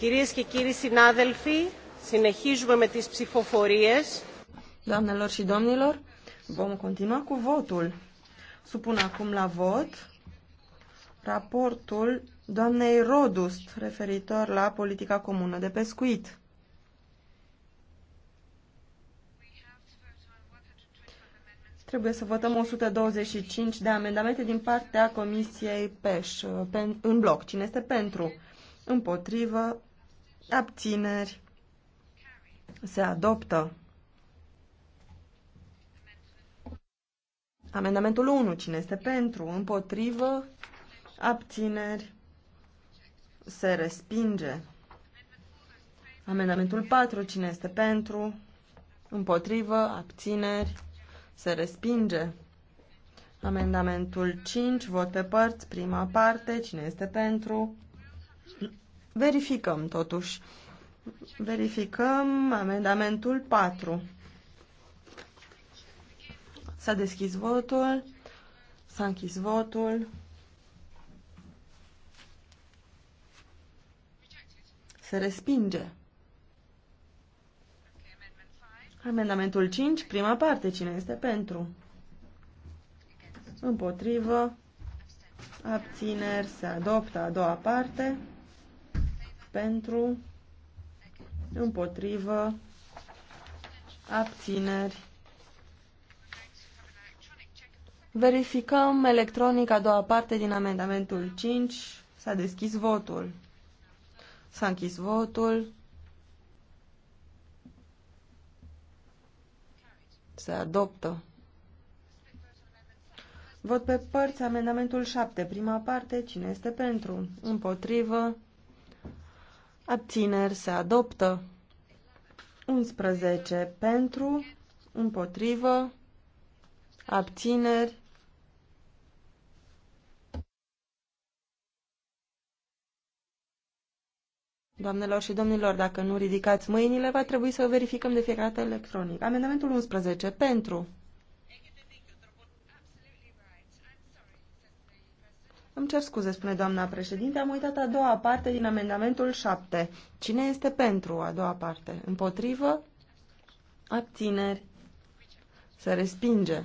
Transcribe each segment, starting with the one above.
Κυρίες και κύριοι συνάδελφοι, συνεχίζουμε με τις ψηφοφορίες. Doamnelor și domnilor, vom continua cu votul. Supun acum la vot raportul doamnei Rodust referitor la politica comună de pescuit. Trebuie să votăm 125 de amendamente din partea Comisiei PEș în bloc. Cine este pentru? Împotrivă? abțineri, se adoptă. Amendamentul 1. Cine este pentru? Împotrivă? Abțineri? Se respinge. Amendamentul 4. Cine este pentru? Împotrivă? Abțineri? Se respinge. Amendamentul 5. Vot pe părți. Prima parte. Cine este pentru? Verificăm, totuși. Verificăm amendamentul 4. S-a deschis votul. S-a închis votul. Se respinge. Amendamentul 5, prima parte. Cine este pentru? Împotrivă. Abțineri. Se adoptă a doua parte pentru, împotrivă, abțineri. Verificăm electronic a doua parte din amendamentul 5. S-a deschis votul. S-a închis votul. Se adoptă. Vot pe părți, amendamentul 7, prima parte, cine este pentru? Împotrivă, Abțineri se adoptă. 11 pentru, împotrivă, abțineri. Doamnelor și domnilor, dacă nu ridicați mâinile, va trebui să verificăm de fiecare dată electronic. Amendamentul 11 pentru. Îmi cer scuze, spune doamna președinte, am uitat a doua parte din amendamentul 7. Cine este pentru a doua parte? Împotrivă? Abțineri? Se respinge.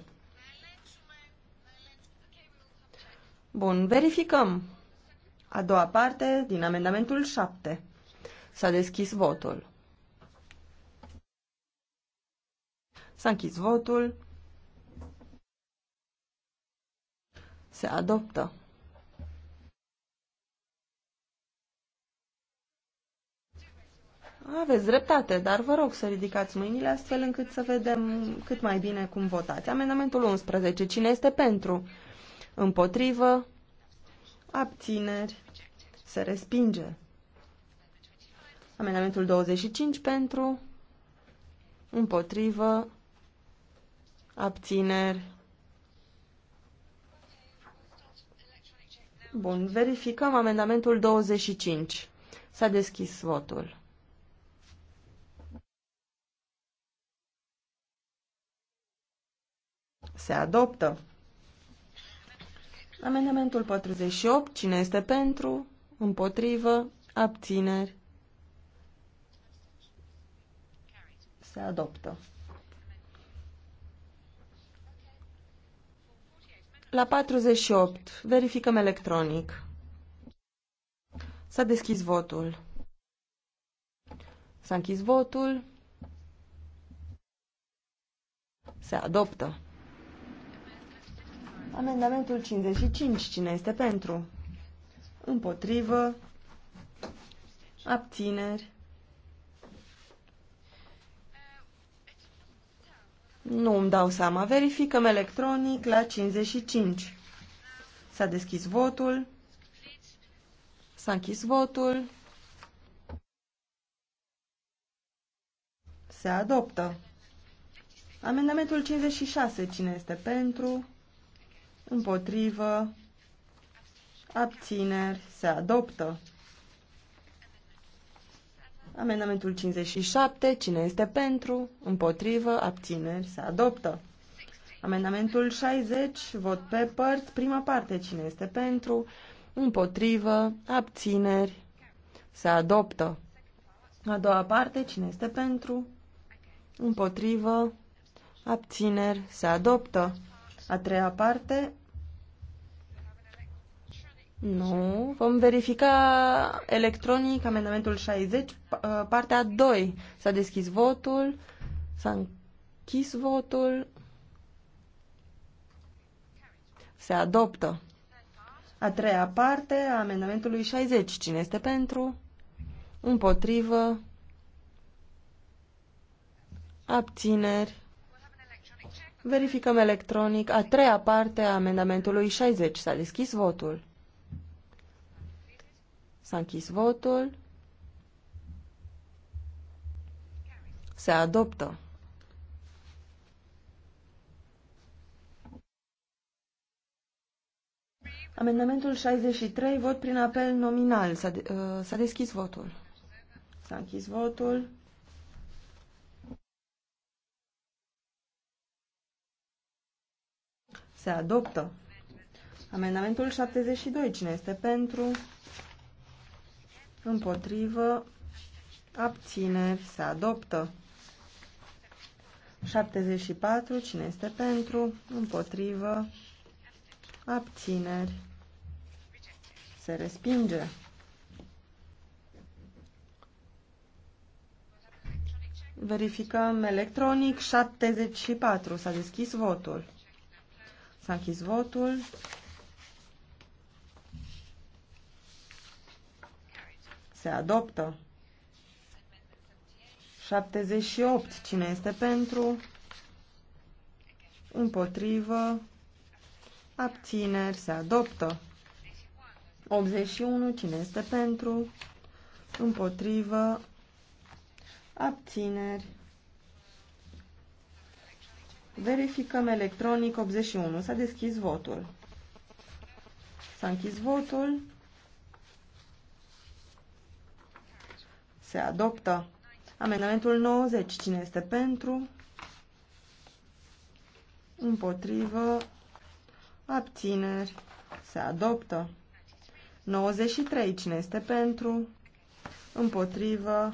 Bun, verificăm. A doua parte din amendamentul 7. S-a deschis votul. S-a închis votul. Se adoptă. Aveți dreptate, dar vă rog să ridicați mâinile astfel încât să vedem cât mai bine cum votați. Amendamentul 11. Cine este pentru? Împotrivă? Abțineri? Se respinge. Amendamentul 25 pentru? Împotrivă? Abțineri? Bun, verificăm amendamentul 25. S-a deschis votul. Se adoptă. Amendamentul 48. Cine este pentru? Împotrivă? Abțineri? Se adoptă. La 48. Verificăm electronic. S-a deschis votul. S-a închis votul. Se adoptă. Amendamentul 55. Cine este pentru? Împotrivă. Abțineri. Nu îmi dau seama. Verificăm electronic la 55. S-a deschis votul. S-a închis votul. Se adoptă. Amendamentul 56. Cine este pentru? împotrivă, abțineri, se adoptă. Amendamentul 57, cine este pentru, împotrivă, abțineri, se adoptă. Amendamentul 60, vot pe părți, prima parte, cine este pentru, împotrivă, abțineri, se adoptă. A doua parte, cine este pentru, împotrivă, abțineri, se adoptă. A treia parte. Nu. Vom verifica electronic amendamentul 60, uh, partea 2. S-a deschis votul, s-a închis votul, se adoptă. A treia parte a amendamentului 60. Cine este pentru? Împotrivă? Abțineri? Verificăm electronic a treia parte a amendamentului 60. S-a deschis votul. S-a închis votul. Se adoptă. Amendamentul 63, vot prin apel nominal. S-a de, uh, deschis votul. S-a închis votul. Se adoptă. Amendamentul 72. Cine este pentru? Împotrivă. Abțineri. Se adoptă. 74. Cine este pentru? Împotrivă. Abțineri. Se respinge. Verificăm electronic 74. S-a deschis votul. S-a închis votul. Se adoptă. 78. Cine este pentru? Împotrivă. Abțineri. Se adoptă. 81. Cine este pentru? Împotrivă. Abțineri. Verificăm electronic 81. S-a deschis votul. S-a închis votul. Se adoptă. Amendamentul 90. Cine este pentru? Împotrivă. Abțineri. Se adoptă. 93. Cine este pentru? Împotrivă.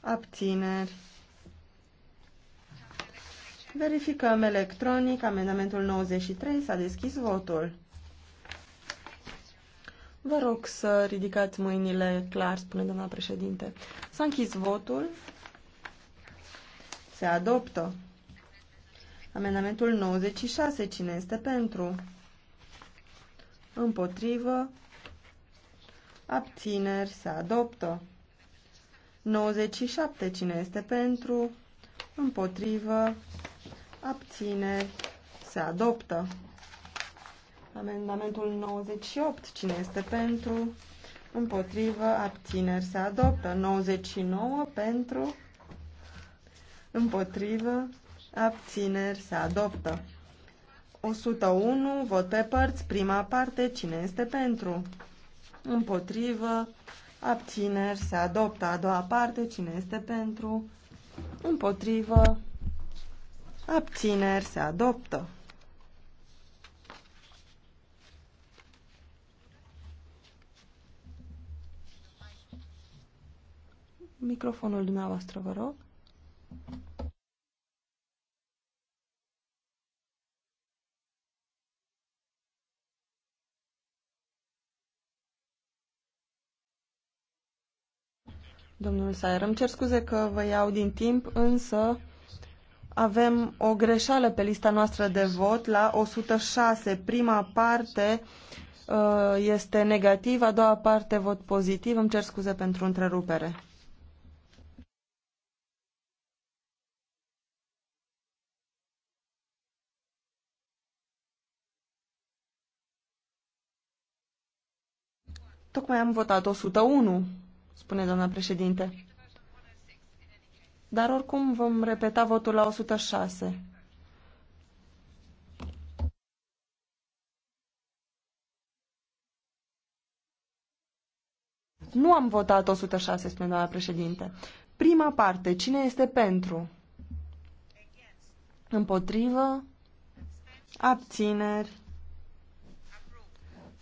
Abțineri. Verificăm electronic amendamentul 93. S-a deschis votul. Vă rog să ridicați mâinile clar, spune doamna președinte. S-a închis votul. Se adoptă. Amendamentul 96. Cine este pentru? Împotrivă. Abțineri. Se adoptă. 97. Cine este pentru? Împotrivă abțineri, se adoptă. Amendamentul 98, cine este pentru, împotrivă, abțineri, se adoptă. 99 pentru, împotrivă, abțineri, se adoptă. 101, vot pe părți, prima parte, cine este pentru? Împotrivă, abțineri, se adoptă a doua parte, cine este pentru? Împotrivă, Abțineri se adoptă. Microfonul dumneavoastră, vă rog. Domnul Saer, îmi cer scuze că vă iau din timp, însă avem o greșeală pe lista noastră de vot la 106. Prima parte uh, este negativ, a doua parte vot pozitiv. Îmi cer scuze pentru întrerupere. Tocmai am votat 101, spune doamna președinte. Dar oricum vom repeta votul la 106. Nu am votat 106, spune doamna președinte. Prima parte, cine este pentru? Împotrivă? Abțineri?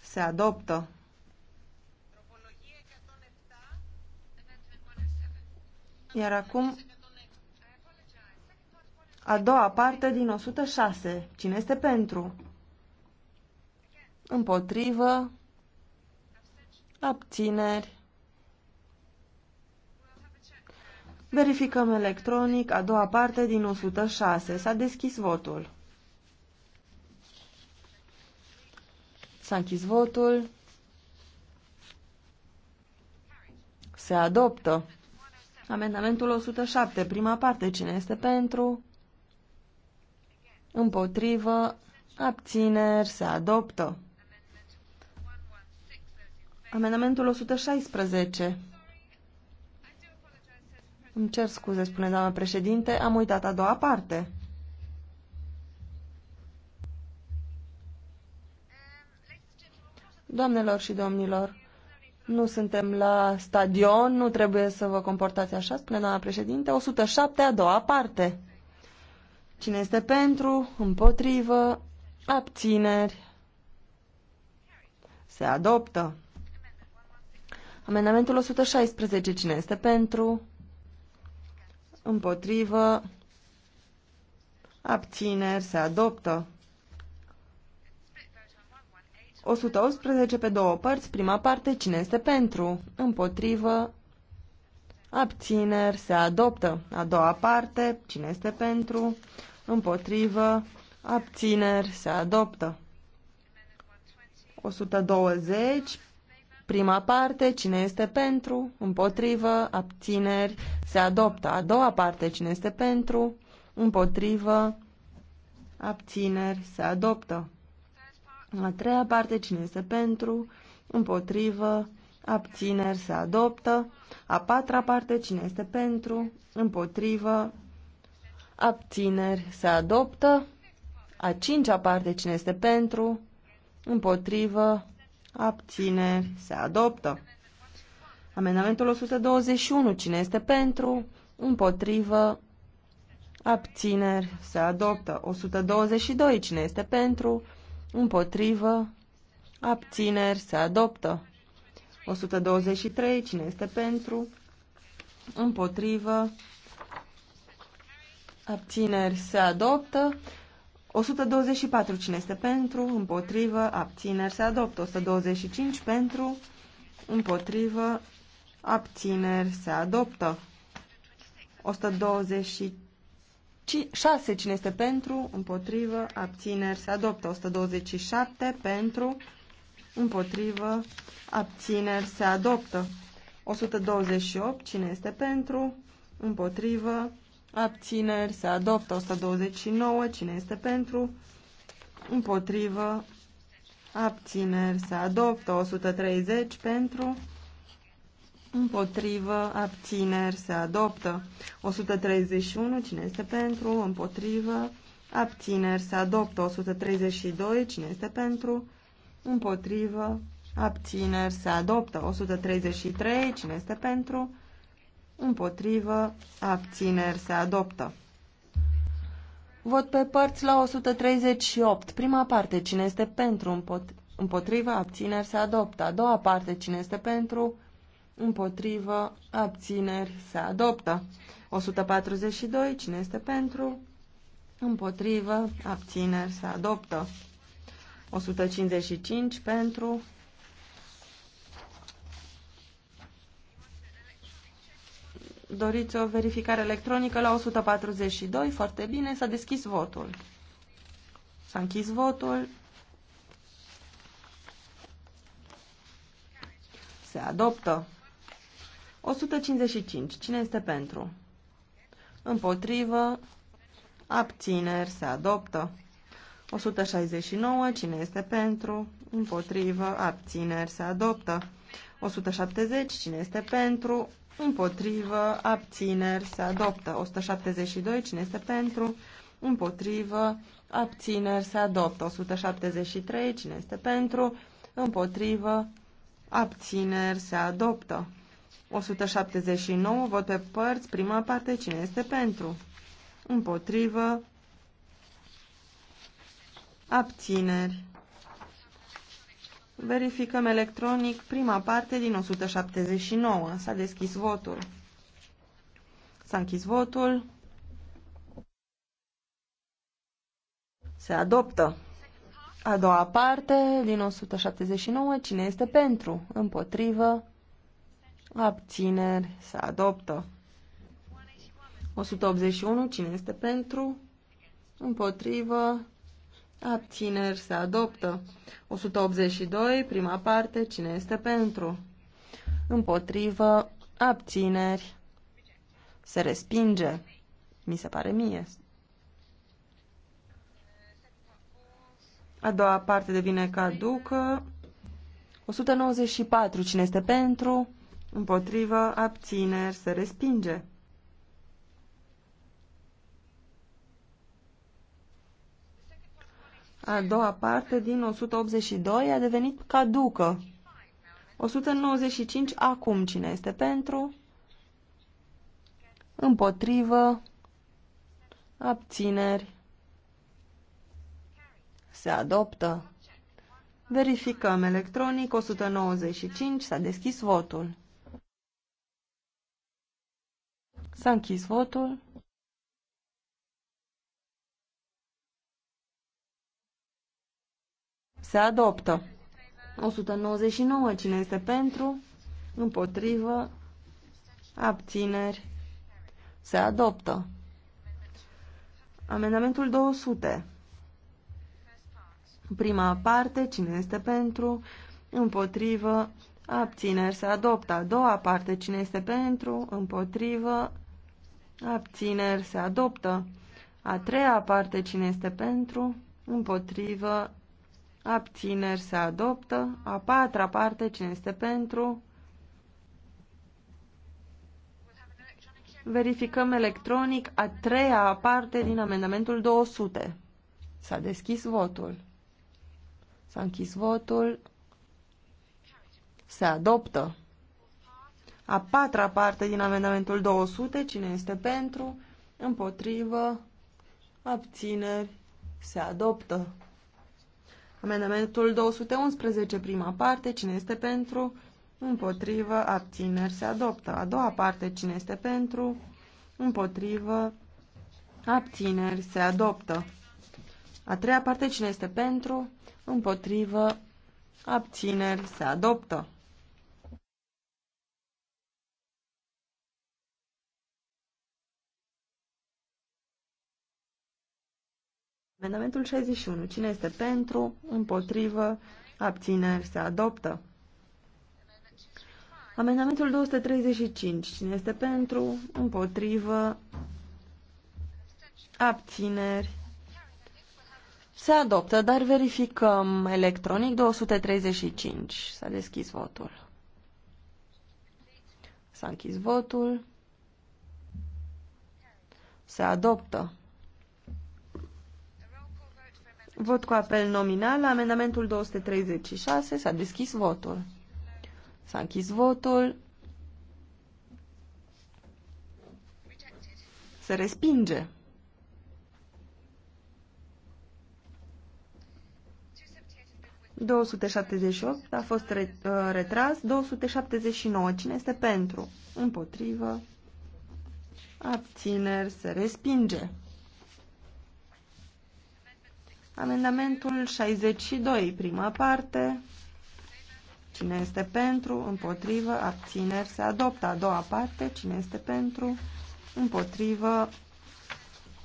Se adoptă. Iar acum a doua parte din 106. Cine este pentru? Împotrivă. Abțineri. Verificăm electronic a doua parte din 106. S-a deschis votul. S-a închis votul. Se adoptă. Amendamentul 107, prima parte. Cine este pentru? Împotrivă. Abțineri. Se adoptă. Amendamentul 116. Îmi cer scuze, spune doamna președinte, am uitat a doua parte. Doamnelor și domnilor, nu suntem la stadion, nu trebuie să vă comportați așa, spune doamna președinte, 107 a doua parte. Cine este pentru? Împotrivă? Abțineri? Se adoptă. Amendamentul 116. Cine este pentru? Împotrivă? Abțineri? Se adoptă. 118 pe două părți, prima parte, cine este pentru? Împotrivă? Abțineri? Se adoptă. A doua parte, cine este pentru? împotrivă, abțineri, se adoptă. 120, prima parte, cine este pentru, împotrivă, abțineri, se adoptă. A doua parte, cine este pentru, împotrivă, abțineri, se adoptă. A treia parte, cine este pentru, împotrivă, abțineri, se adoptă. A patra parte, cine este pentru, împotrivă, abțineri se adoptă, a cincea parte cine este pentru, împotrivă, abțineri se adoptă. Amendamentul 121 cine este pentru, împotrivă, abțineri se adoptă. 122 cine este pentru, împotrivă, abțineri se adoptă. 123 cine este pentru, împotrivă, abțineri se adoptă. 124 cine este pentru, împotrivă, abțineri se adoptă. 125 pentru, împotrivă, abțineri se adoptă. 126 cine este pentru, împotrivă, abțineri se adoptă. 127 pentru, împotrivă, abțineri se adoptă. 128 cine este pentru, împotrivă, abțineri, se adoptă 129, cine este pentru, împotrivă, abțineri, se adoptă 130 pentru, împotrivă, abțineri, se adoptă 131, cine este pentru, împotrivă, abțineri, se adoptă 132, cine este pentru, împotrivă, abțineri, se adoptă 133, cine este pentru, împotrivă, abțineri se adoptă. Vot pe părți la 138. Prima parte, cine este pentru, împotrivă, abțineri se adoptă. A doua parte, cine este pentru, împotrivă, abțineri se adoptă. 142, cine este pentru, împotrivă, abțineri se adoptă. 155 pentru, Doriți o verificare electronică la 142? Foarte bine, s-a deschis votul. S-a închis votul. Se adoptă. 155. Cine este pentru? Împotrivă. Abțineri. Se adoptă. 169. Cine este pentru? Împotrivă. Abțineri. Se adoptă. 170. Cine este pentru? împotrivă, abțineri, se adoptă. 172, cine este pentru, împotrivă, abțineri, se adoptă. 173, cine este pentru, împotrivă, abțineri, se adoptă. 179, vot pe părți, prima parte, cine este pentru, împotrivă, abțineri. Verificăm electronic prima parte din 179. S-a deschis votul. S-a închis votul. Se adoptă. A doua parte din 179. Cine este pentru? Împotrivă. Abțineri. Se adoptă. 181. Cine este pentru? Împotrivă tineri se adoptă. 182, prima parte, cine este pentru? Împotrivă, abțineri, se respinge. Mi se pare mie. A doua parte devine caducă. 194, cine este pentru? Împotrivă, abțineri, se respinge. a doua parte din 182 a devenit caducă. 195 acum cine este pentru? Împotrivă. Abțineri. Se adoptă. Verificăm electronic 195. S-a deschis votul. S-a închis votul. Se adoptă. 199. Cine este pentru? Împotrivă. Abțineri. Se adoptă. Amendamentul 200. Prima parte. Cine este pentru? Împotrivă. Abțineri. Se adoptă. A doua parte. Cine este pentru? Împotrivă. Abțineri. Se adoptă. A treia parte. Cine este pentru? Împotrivă abțineri se adoptă, a patra parte cine este pentru, verificăm electronic a treia parte din amendamentul 200. S-a deschis votul. S-a închis votul. Se adoptă. A patra parte din amendamentul 200, cine este pentru, împotrivă, abțineri, se adoptă. Amendamentul 211, prima parte, cine este pentru? Împotrivă, abțineri, se adoptă. A doua parte, cine este pentru? Împotrivă, abțineri, se adoptă. A treia parte, cine este pentru? Împotrivă, abțineri, se adoptă. Amendamentul 61. Cine este pentru? Împotrivă? Abțineri? Se adoptă. Amendamentul 235. Cine este pentru? Împotrivă? Abțineri? Se adoptă, dar verificăm electronic 235. S-a deschis votul. S-a închis votul. Se adoptă. Vot cu apel nominal la amendamentul 236. S-a deschis votul. S-a închis votul. Se respinge. ...278 a fost re, uh, retras, 279, cine este pentru? Împotrivă, abțineri, se respinge. Amendamentul 62, prima parte. Cine este pentru, împotrivă, abțineri, se adoptă. A doua parte, cine este pentru, împotrivă,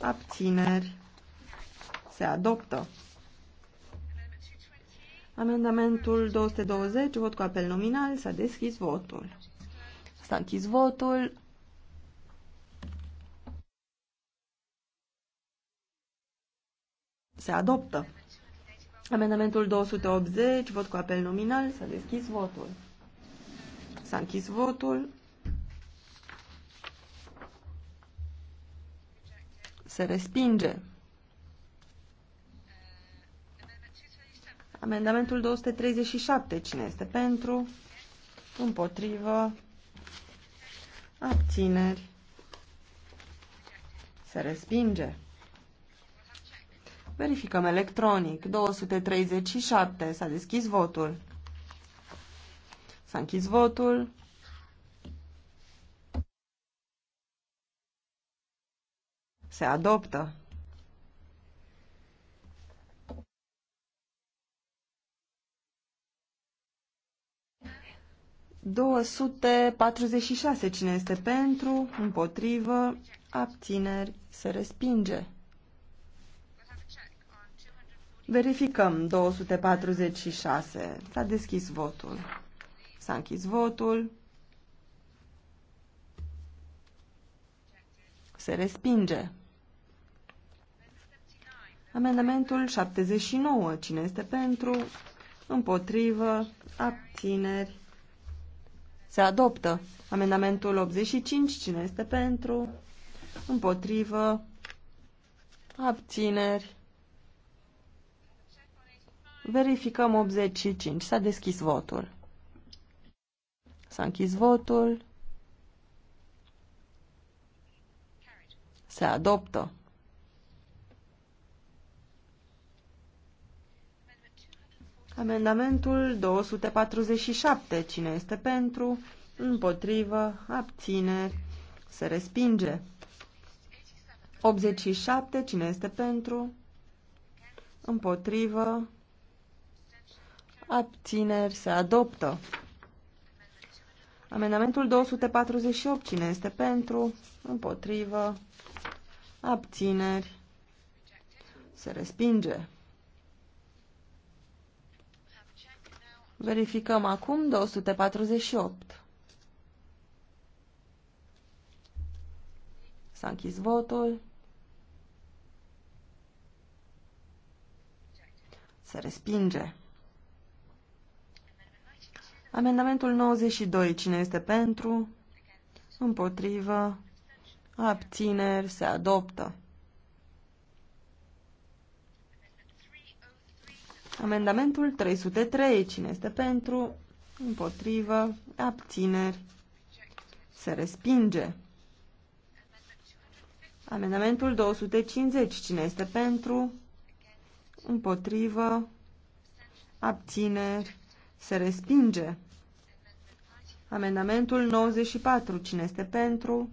abțineri, se adoptă. Amendamentul 220, vot cu apel nominal, s-a deschis votul. S-a închis votul. Se adoptă. Amendamentul 280, vot cu apel nominal, s-a deschis votul. S-a închis votul. Se respinge. Amendamentul 237, cine este pentru? Împotrivă. Abțineri. Se respinge. Verificăm electronic. 237. S-a deschis votul. S-a închis votul. Se adoptă. Două sute patruzeci și șase. Cine este pentru? Împotrivă? Abțineri? Se respinge. Verificăm 246. S-a deschis votul. S-a închis votul. Se respinge. Amendamentul 79. Cine este pentru? Împotrivă? Abțineri? Se adoptă. Amendamentul 85. Cine este pentru? Împotrivă? Abțineri? Verificăm 85. S-a deschis votul. S-a închis votul. Se adoptă. Amendamentul 247. Cine este pentru? Împotrivă? abține. Se respinge. 87. Cine este pentru? Împotrivă? Abțineri se adoptă. Amendamentul 248. Cine este pentru? Împotrivă. Abțineri. Se respinge. Verificăm acum 248. S-a închis votul. Se respinge. Amendamentul 92. Cine este pentru? Împotrivă. Abțineri. Se adoptă. Amendamentul 303. Cine este pentru? Împotrivă. Abțineri. Se respinge. Amendamentul 250. Cine este pentru? Împotrivă. Abțineri. Se respinge. Amendamentul 94. Cine este pentru?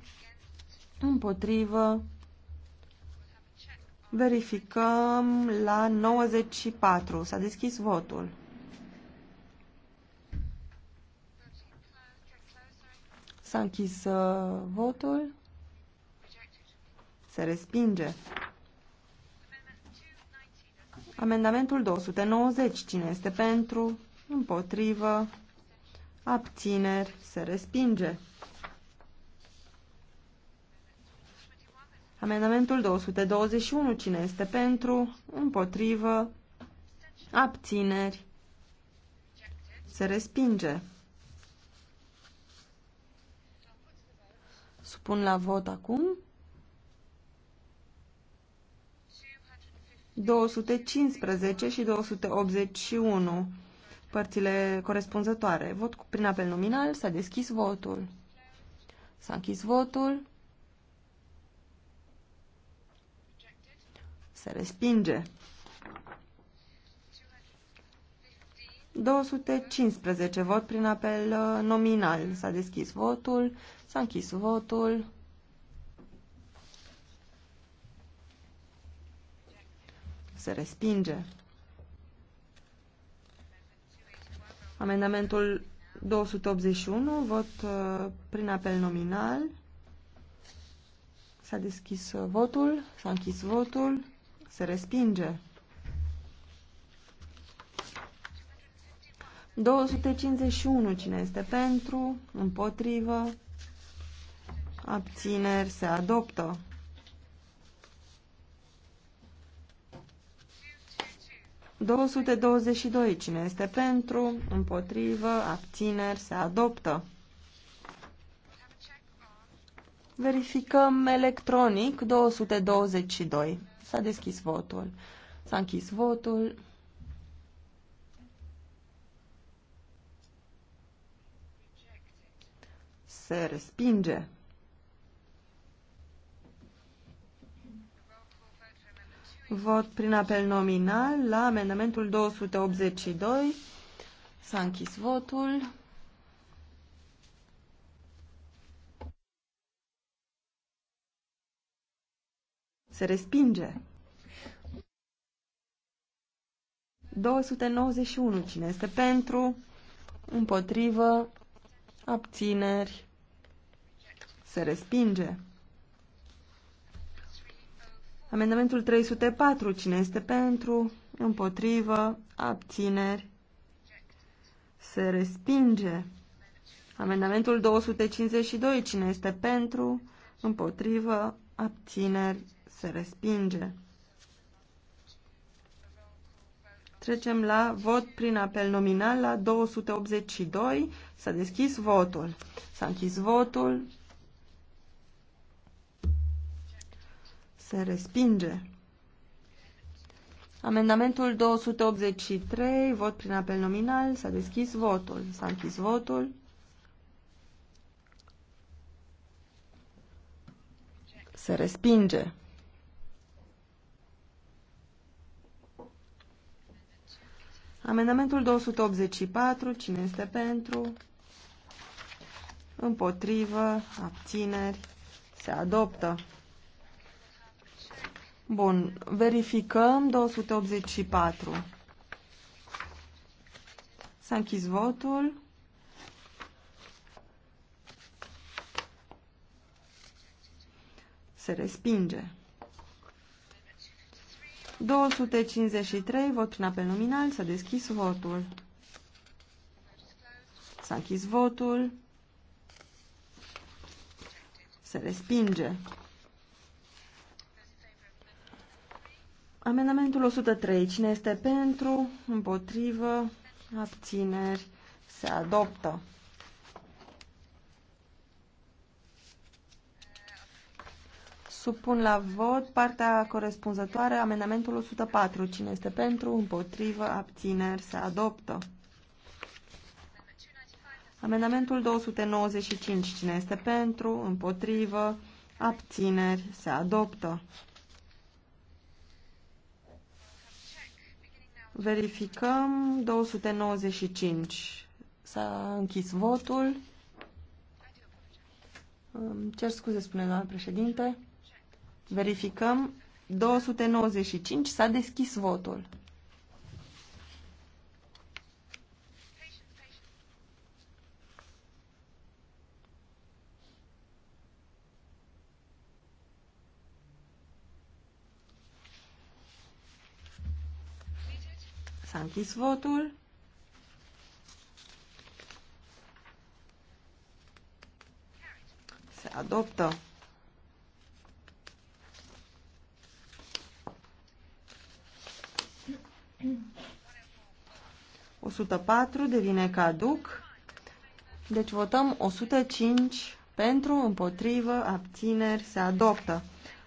Împotrivă. Verificăm la 94. S-a deschis votul. S-a închis uh, votul. Se respinge. Amendamentul 290. Cine este pentru? împotrivă, abțineri, se respinge. Amendamentul 221, cine este pentru, împotrivă, abțineri, se respinge. Supun la vot acum. 215 și 281 părțile corespunzătoare. Vot prin apel nominal. S-a deschis votul. S-a închis votul. Se respinge. 215 vot prin apel uh, nominal. S-a deschis votul. S-a închis votul. Se respinge. Amendamentul 281, vot uh, prin apel nominal. S-a deschis uh, votul, s-a închis votul, se respinge. 251, cine este pentru, împotrivă, abțineri, se adoptă. 222. Cine este pentru, împotrivă, abțineri, se adoptă. Verificăm electronic 222. S-a deschis votul. S-a închis votul. Se respinge. Vot prin apel nominal la amendamentul 282. S-a închis votul. Se respinge. 291. Cine este pentru? Împotrivă? Abțineri? Se respinge. Amendamentul 304. Cine este pentru? Împotrivă? Abțineri? Se respinge. Amendamentul 252. Cine este pentru? Împotrivă? Abțineri? Se respinge. Trecem la vot prin apel nominal la 282. S-a deschis votul. S-a închis votul. Se respinge. Amendamentul 283, vot prin apel nominal, s-a deschis votul. S-a închis votul. Se respinge. Amendamentul 284, cine este pentru? Împotrivă, abțineri, se adoptă. Bun, verificăm 284. S-a închis votul. Se respinge. 253, vot prin apel nominal, s-a deschis votul. S-a închis votul. Se respinge. Amendamentul 103. Cine este pentru? Împotrivă? Abțineri? Se adoptă. Supun la vot partea corespunzătoare, amendamentul 104. Cine este pentru, împotrivă, abțineri, se adoptă. Amendamentul 295. Cine este pentru, împotrivă, abțineri, se adoptă. Verificăm 295. S-a închis votul. Cer scuze, spune doamna președinte. Verificăm 295. S-a deschis votul. închis votul. Se adoptă. O 104 devine caduc. Deci votăm 105 pentru, împotrivă, abțineri, se adoptă.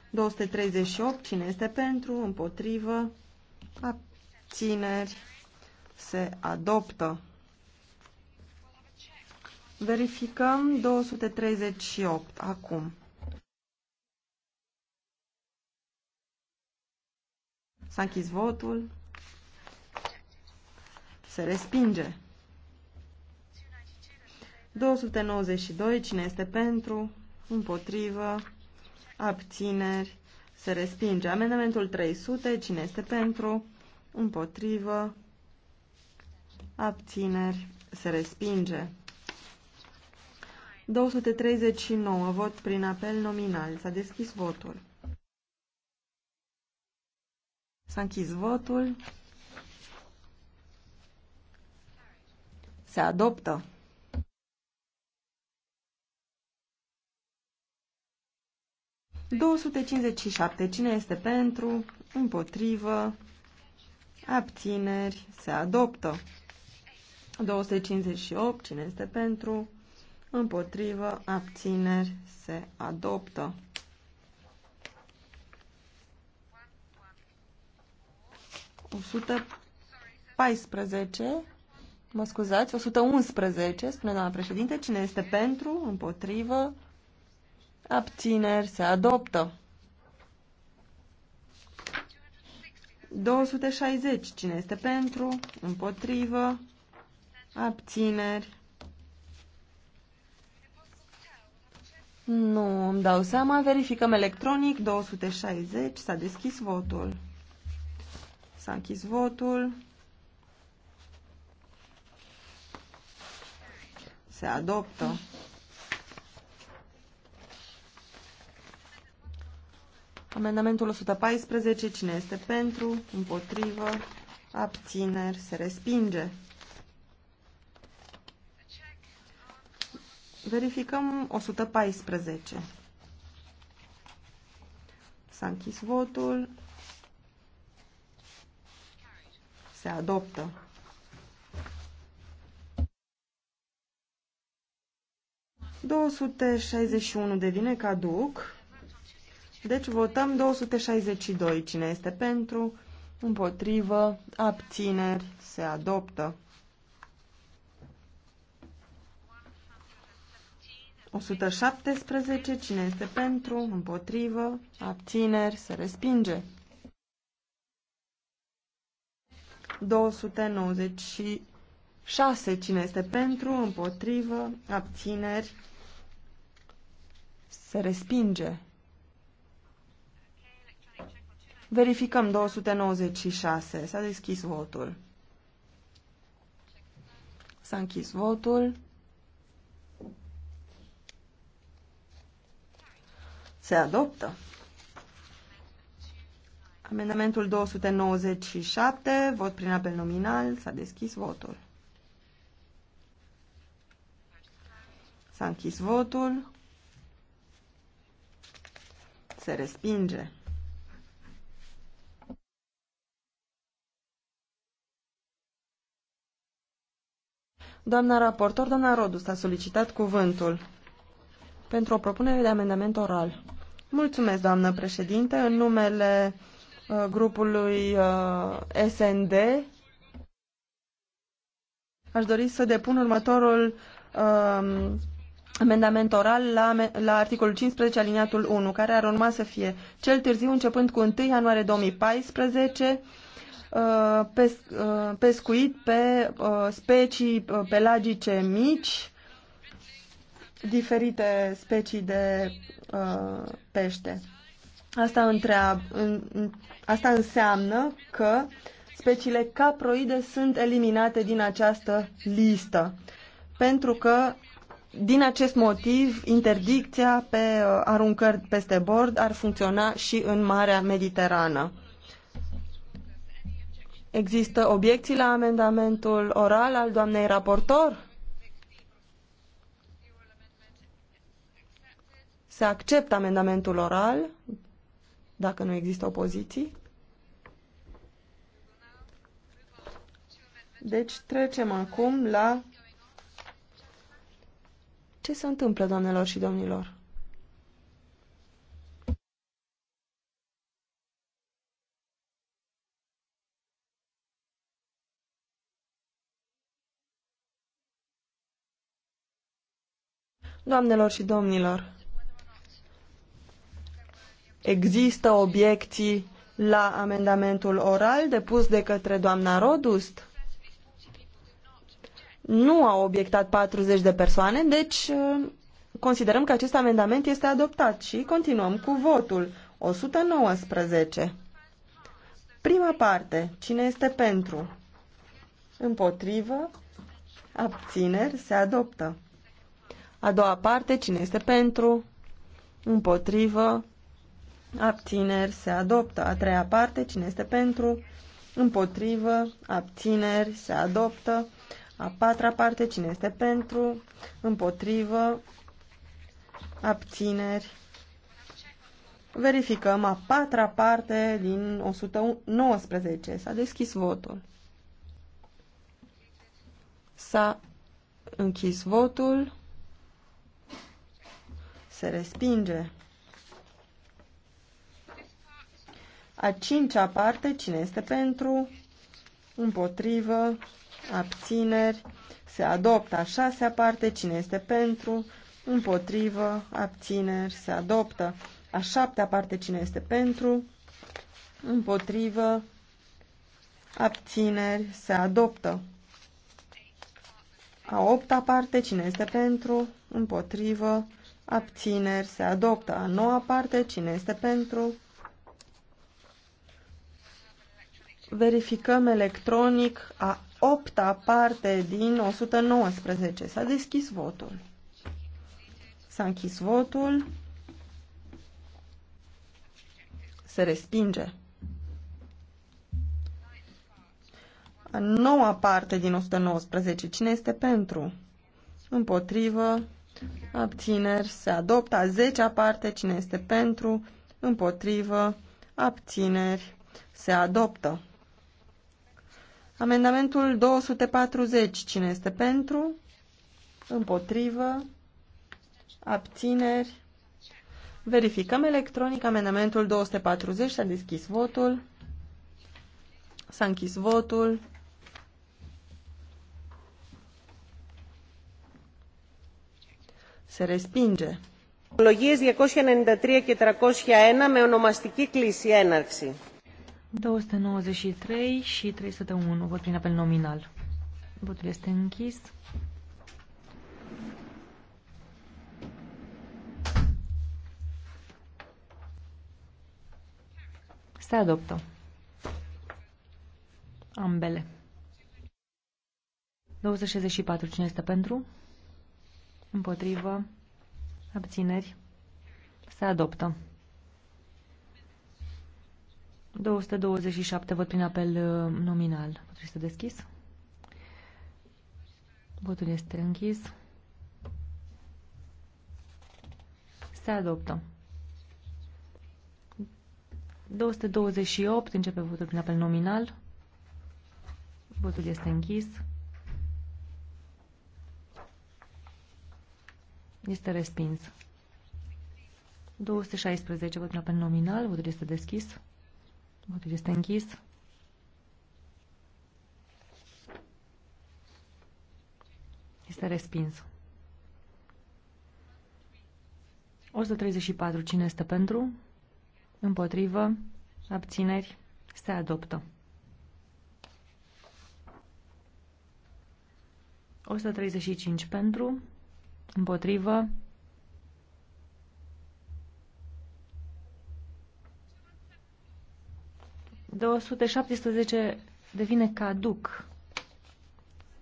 238, cine este pentru, împotrivă, abțineri tineri se adoptă. Verificăm 238 acum. S-a închis votul. Se respinge. 292. Cine este pentru? Împotrivă? Abțineri? Se respinge. Amendamentul 300. Cine este pentru? împotrivă, abțineri, se respinge. 239. Vot prin apel nominal. S-a deschis votul. S-a închis votul. Se adoptă. ...257. Cine este pentru? Împotrivă? Abțineri. Se adoptă. 258. Cine este pentru? Împotrivă. Abțineri. Se adoptă. paisprezece mă scuzați, 111, spune doamna președinte, cine este pentru, împotrivă, abțineri, se adoptă. 260. Cine este pentru? Împotrivă? Abțineri? Nu îmi dau seama. Verificăm electronic. 260. S-a deschis votul. S-a închis votul. Se adoptă. Amendamentul 114, cine este pentru, împotrivă, abțineri, se respinge. Verificăm 114. S-a închis votul. Se adoptă. unu devine caduc. Deci votăm 262. Cine este pentru? Împotrivă? Abțineri? Se adoptă. 117. Cine este pentru? Împotrivă? Abțineri? Se respinge. 296. Cine este pentru? Împotrivă? Abțineri? Se respinge. Verificăm 296. S-a deschis votul. S-a închis votul. Se adoptă. Amendamentul 297, vot prin apel nominal, s-a deschis votul. S-a închis votul. Se respinge. Doamna raportor, doamna Rodus a solicitat cuvântul pentru o propunere de amendament oral. Mulțumesc, doamnă președinte. În numele uh, grupului uh, SND aș dori să depun următorul uh, amendament oral la, la articolul 15 aliniatul 1, care ar urma să fie cel târziu începând cu 1 ianuarie 2014 Uh, uh, pescuit pe uh, specii pelagice mici, diferite specii de pește. Asta, întreab, asta înseamnă că speciile caproide sunt eliminate din această listă, pentru că din acest motiv, interdicția pe aruncări peste bord ar funcționa și în Marea Mediterană. Există obiecții la amendamentul oral al doamnei raportor? Se acceptă amendamentul oral, dacă nu există opoziții. Deci trecem acum la ce se întâmplă, doamnelor și domnilor. Doamnelor și domnilor, există obiecții la amendamentul oral depus de către doamna Rodust? Nu au obiectat 40 de persoane, deci uh, considerăm că acest amendament este adoptat și continuăm cu votul. 119. Prima parte. Cine este pentru? Împotrivă? Abțineri? Se adoptă. A doua parte, cine este pentru, împotrivă, abțineri, se adoptă. A treia parte, cine este pentru, împotrivă, abțineri, se adoptă. A patra parte, cine este pentru, împotrivă, abțineri. Verificăm a patra parte din 119. S-a deschis votul. S-a închis votul se respinge. A cincea parte, cine este pentru, împotrivă, abțineri, se adoptă. A șasea parte, cine este pentru, împotrivă, abțineri, se adoptă. A șaptea parte, cine este pentru, împotrivă, abțineri, se adoptă. A opta parte, cine este pentru, împotrivă, abțineri, se adoptă. A noua parte, cine este pentru? Verificăm electronic a opta parte din 119. S-a deschis votul. S-a închis votul. Se respinge. A noua parte din 119. Cine este pentru? Împotrivă abțineri se adoptă. A zecea parte, cine este pentru, împotrivă, abțineri se adoptă. Amendamentul 240, cine este pentru, împotrivă, abțineri. Verificăm electronic amendamentul 240, s-a deschis votul, s-a închis votul. Se respinge. Τροπολογίες 293 και 301 με ονομαστική κλίση έναρξη. 293 și 301, vot prin apel nominal. Votul este închis. Se adoptă. Ambele. 264, cine este pentru? Împotrivă. Abțineri. Se adoptă. 227 vot prin apel uh, nominal. Votul este deschis. Votul este închis. Se adoptă. 228 începe votul prin apel nominal. Votul este închis. Este respins. 216, votul apel nominal, votul este deschis. Votul este închis. Este respins. 134. Cine este pentru? Împotrivă? Abțineri? Se adoptă. 135 pentru, Împotrivă. ...217 devine caduc.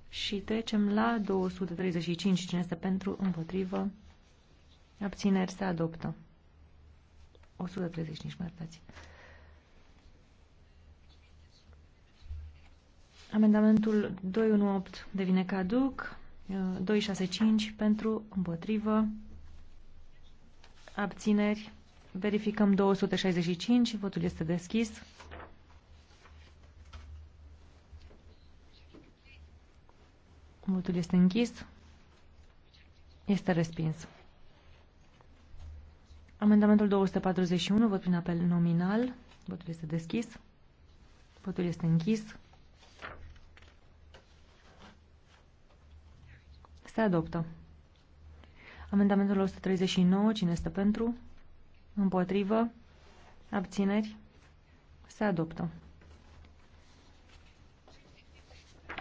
Și trecem la 235. Cine este pentru? Împotrivă. Abțineri se adoptă. 135, mă iertați. Amendamentul 218 devine caduc. 265 pentru, împotrivă, abțineri. Verificăm 265, votul este deschis. Votul este închis. Este respins. Amendamentul 241, vot prin apel nominal. Votul este deschis. Votul este închis. Se adoptă. Amendamentul 139, cine este pentru? Împotrivă? Abțineri? Se adoptă.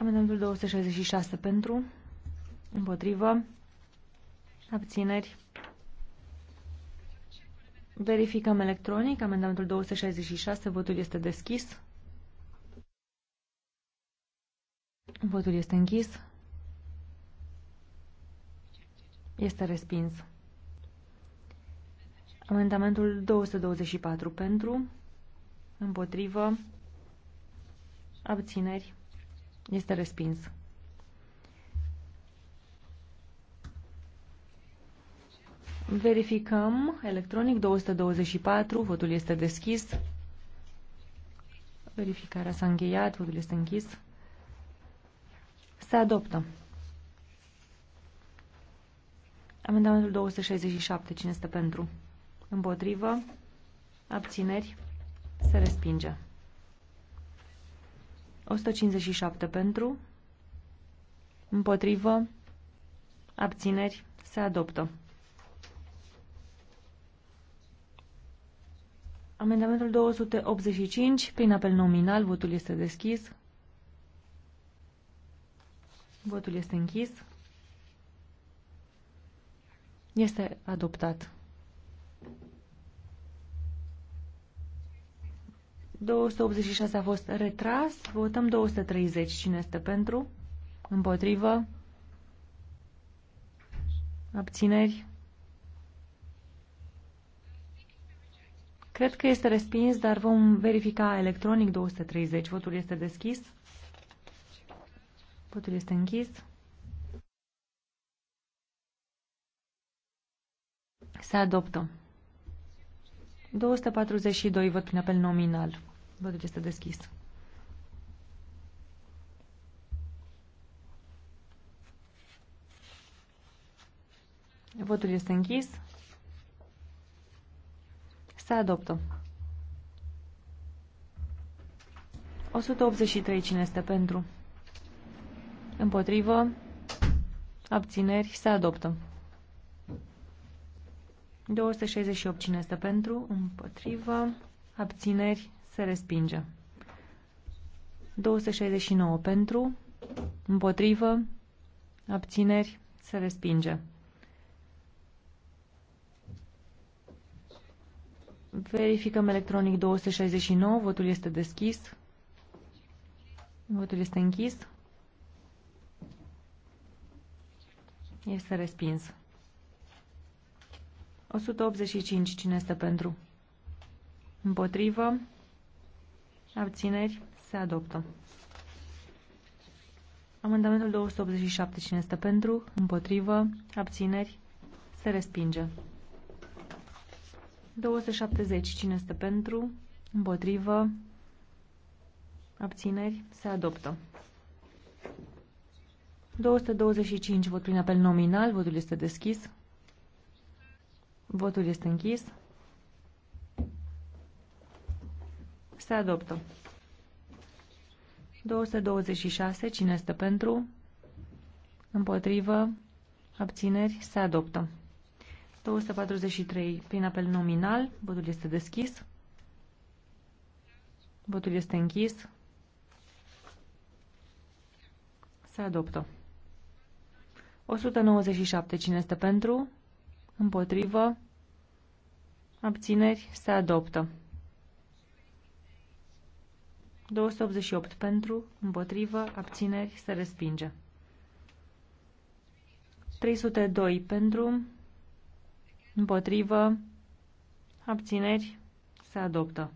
Amendamentul 266 pentru? Împotrivă? Abțineri? Verificăm electronic. Amendamentul 266, votul este deschis. Votul este închis. Este respins. Amendamentul 224 pentru, împotrivă, abțineri, este respins. Verificăm electronic 224, votul este deschis. Verificarea s-a încheiat, votul este închis. Se adoptă. Amendamentul 267. Cine este pentru? Împotrivă. Abțineri. Se respinge. 157 pentru. Împotrivă. Abțineri. Se adoptă. Amendamentul 285, prin apel nominal, votul este deschis. Votul este închis. Este adoptat. 286 a fost retras. Votăm 230. Cine este pentru? Împotrivă? Abțineri? Cred că este respins, dar vom verifica electronic 230. Votul este deschis. Votul este închis. Se adoptă. 242 vot prin apel nominal. Votul este deschis. Votul este închis. Se adoptă. 183 cine este pentru? Împotrivă? Abțineri? Se adoptă. 268 cine este pentru, împotrivă, abțineri, se respinge. 269 pentru, împotrivă, abțineri, se respinge. Verificăm electronic 269, votul este deschis. Votul este închis. Este respins. 185. Cine este pentru? Împotrivă. Abțineri. Se adoptă. Amendamentul 287. Cine este pentru? Împotrivă. Abțineri. Se respinge. 270. Cine este pentru? Împotrivă. Abțineri. Se adoptă. 225. Vot prin apel nominal. Votul este deschis. Votul este închis. Se adoptă. 226. Cine este pentru? Împotrivă. Abțineri. Se adoptă. 243. Prin apel nominal. Votul este deschis. Votul este închis. Se adoptă. 197. Cine este pentru? Împotrivă. Abțineri. Se adoptă. 288 pentru, împotrivă, abțineri, se respinge. 302 pentru, împotrivă, abțineri, se adoptă.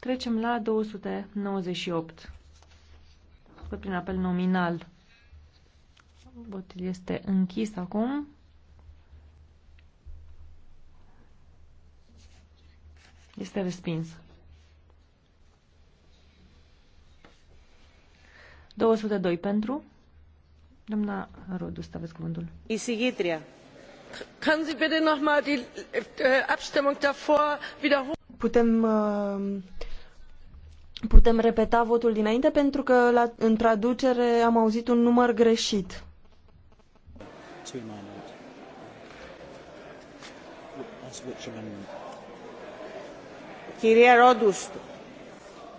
Trecem la 298. Vot prin apel nominal. Votul este închis acum. Este respins. 202 pentru. Doamna Rodu, să aveți cuvântul. Isigitria. Kann Sie bitte nochmal die äh, Abstimmung davor wiederholen? Putem uh Putem repeta votul dinainte pentru că la, în traducere am auzit un număr greșit. Chiria Rodust,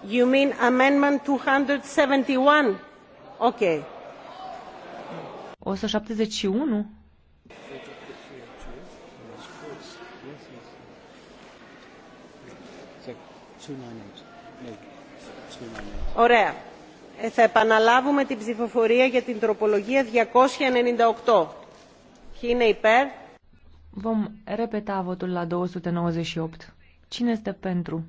you mean amendment 271? Ok. 171? Yes, yes. 298. Ωραία. Ε, θα επαναλάβουμε την ψηφοφορία για την τροπολογία 298. Ποιοι είναι υπέρ? Vom repeta votul la 298. Cine este pentru?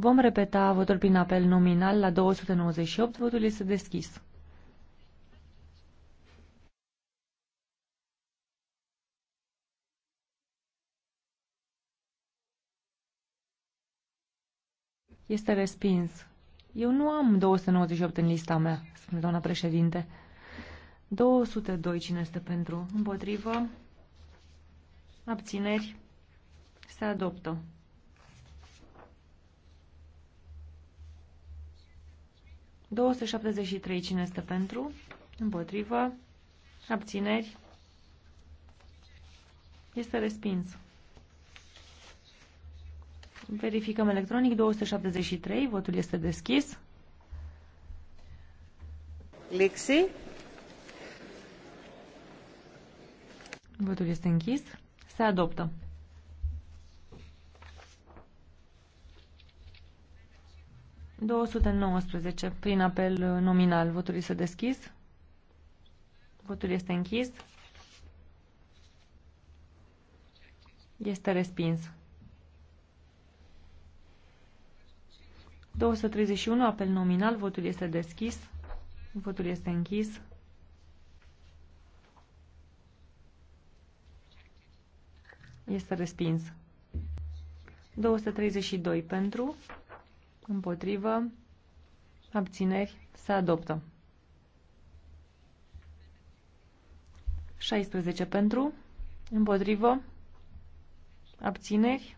Vom repeta votul prin apel nominal la 298. Votul este deschis. Este respins. Eu nu am 298 în lista mea, spune doamna președinte. 202 cine este pentru? Împotrivă? Abțineri? Se adoptă. 273. Cine este pentru? Împotrivă. Abțineri. Este respins. Verificăm electronic. 273. Votul este deschis. Lexi. Votul este închis. Se adoptă. 219 prin uh, apel nominal. Votul este deschis. Votul este închis. Este respins. 231 apel nominal. Votul este deschis. Votul este închis. Este respins. 232 pentru. Împotrivă. Abțineri. Se adoptă. 16 pentru. Împotrivă. Abțineri.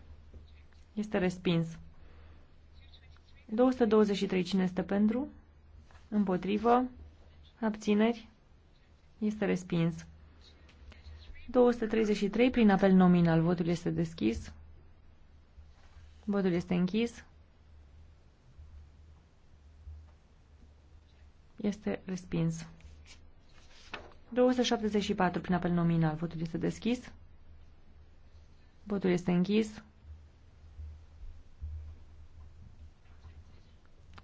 Este respins. 223 cine este pentru? Împotrivă. Abțineri. Este respins. 233 prin apel nominal. Votul este deschis. Votul este închis. Este respins. 274 prin apel nominal. Votul este deschis. Votul este închis.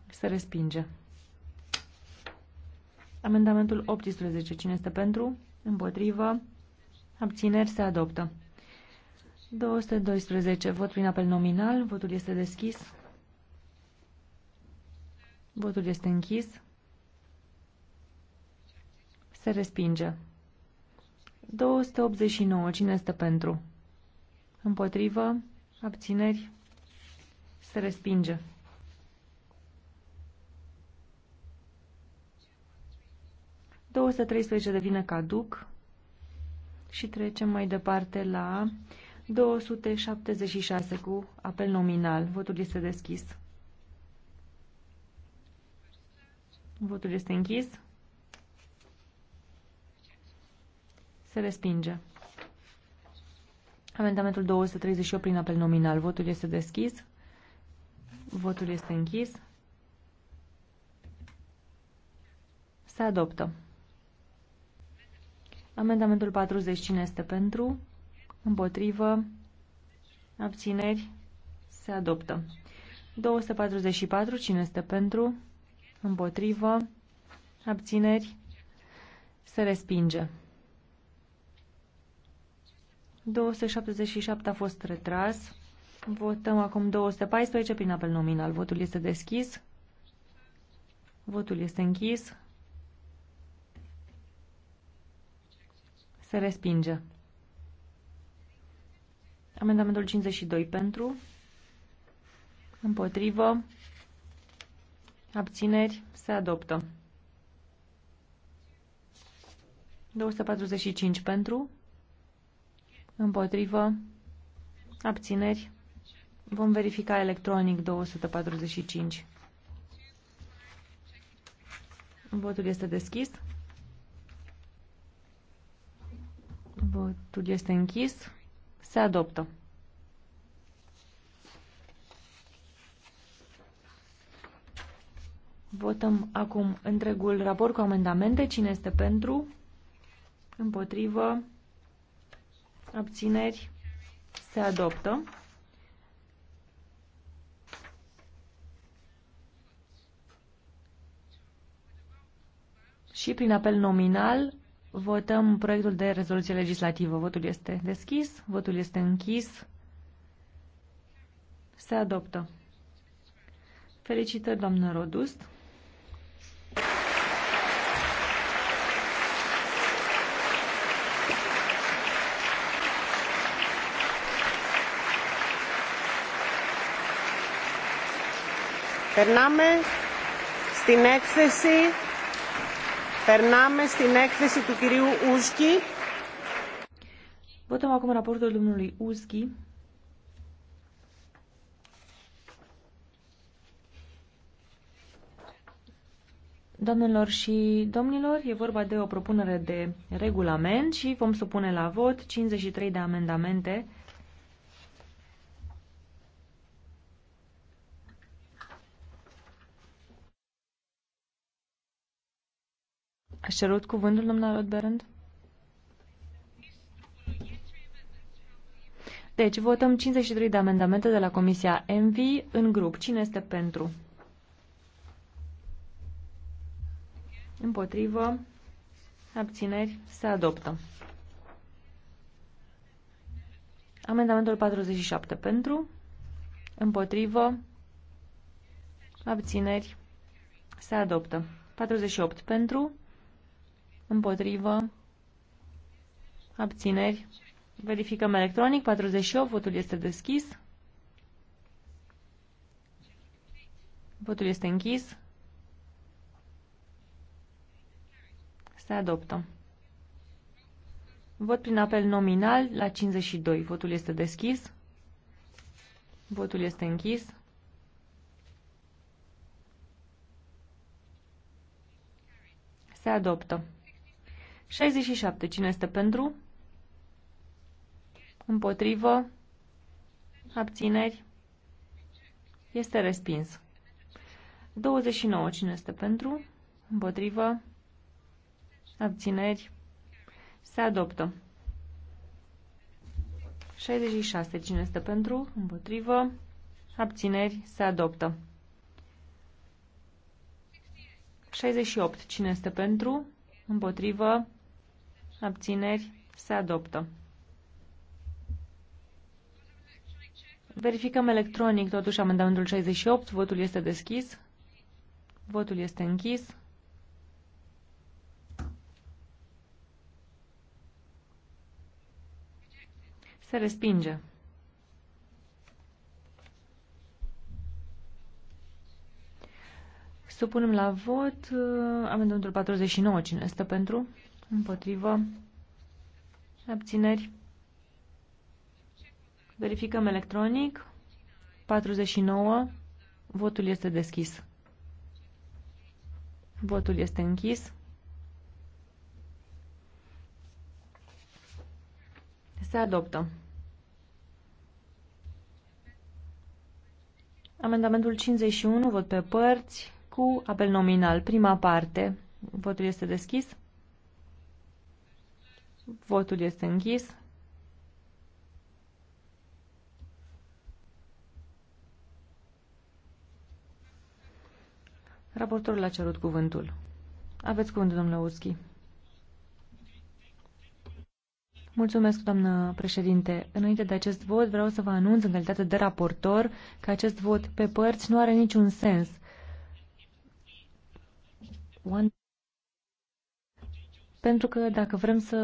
Se respinge. Amendamentul 18. Cine este pentru? Împotrivă? Abțineri? Se adoptă. 212. Vot prin apel nominal. Votul este deschis. Votul este închis. Se respinge. 289. Cine este pentru? Împotrivă? Abțineri? Se respinge. 213 devine caduc și trecem mai departe la 276 cu apel nominal. Votul este deschis. Votul este închis. Se respinge. Amendamentul 238 prin apel nominal. Votul este deschis. Votul este închis. Se adoptă. Amendamentul 40. Cine este pentru? Împotrivă? Abțineri? Se adoptă. 244. Cine este pentru? Împotrivă? Abțineri? Se respinge. 277 a fost retras. Votăm acum 214 prin apel nominal. Votul este deschis. Votul este închis. Se respinge. Amendamentul 52 pentru. Împotrivă. Abțineri. Se adoptă. 245 pentru. Împotrivă. Abțineri. Vom verifica electronic 245. Votul este deschis. Votul este închis. Se adoptă. Votăm acum întregul raport cu amendamente. Cine este pentru? Împotrivă? Abțineri. Se adoptă. Și prin apel nominal votăm proiectul de rezoluție legislativă. Votul este deschis, votul este închis. Se adoptă. Felicitări, doamnă Rodust. Περνάμε στην έκθεση, περνάμε στην έκθεση του κυρίου Ούσκη. Votăm acum raportul domnului Uschi. Doamnelor și domnilor, e vorba de o propunere de regulament și vom supune la vot 53 de amendamente Ați cerut cuvântul, domnule Rodberând? Deci, votăm 53 de amendamente de la Comisia ENVI în grup. Cine este pentru? Împotrivă? Abțineri? Se adoptă. Amendamentul 47 pentru? Împotrivă? Abțineri? Se adoptă. 48 pentru? împotrivă, abțineri. Verificăm electronic, 48, votul este deschis. Votul este închis. Se adoptă. Vot prin apel nominal la 52. Votul este deschis. Votul este închis. Se adoptă. 67. Cine este pentru? Împotrivă? Abțineri? Este respins. 29. Cine este pentru? Împotrivă? Abțineri? Se adoptă. 66. Cine este pentru? Împotrivă? Abțineri? Se adoptă. 68. Cine este pentru? Împotrivă? Abțineri. Se adoptă. Verificăm electronic, totuși, amendamentul 68. Votul este deschis. Votul este închis. Se respinge. Supunem la vot uh, amendamentul 49. Cine este pentru? Împotrivă. Abțineri. Verificăm electronic. 49. Votul este deschis. Votul este închis. Se adoptă. Amendamentul 51, vot pe părți, cu apel nominal. Prima parte. Votul este deschis. Votul este închis. Raportorul a cerut cuvântul. Aveți cuvântul, domnule Uschi. Mulțumesc, doamnă președinte. Înainte de acest vot, vreau să vă anunț, în calitate de raportor, că acest vot pe părți nu are niciun sens. One pentru că dacă vrem să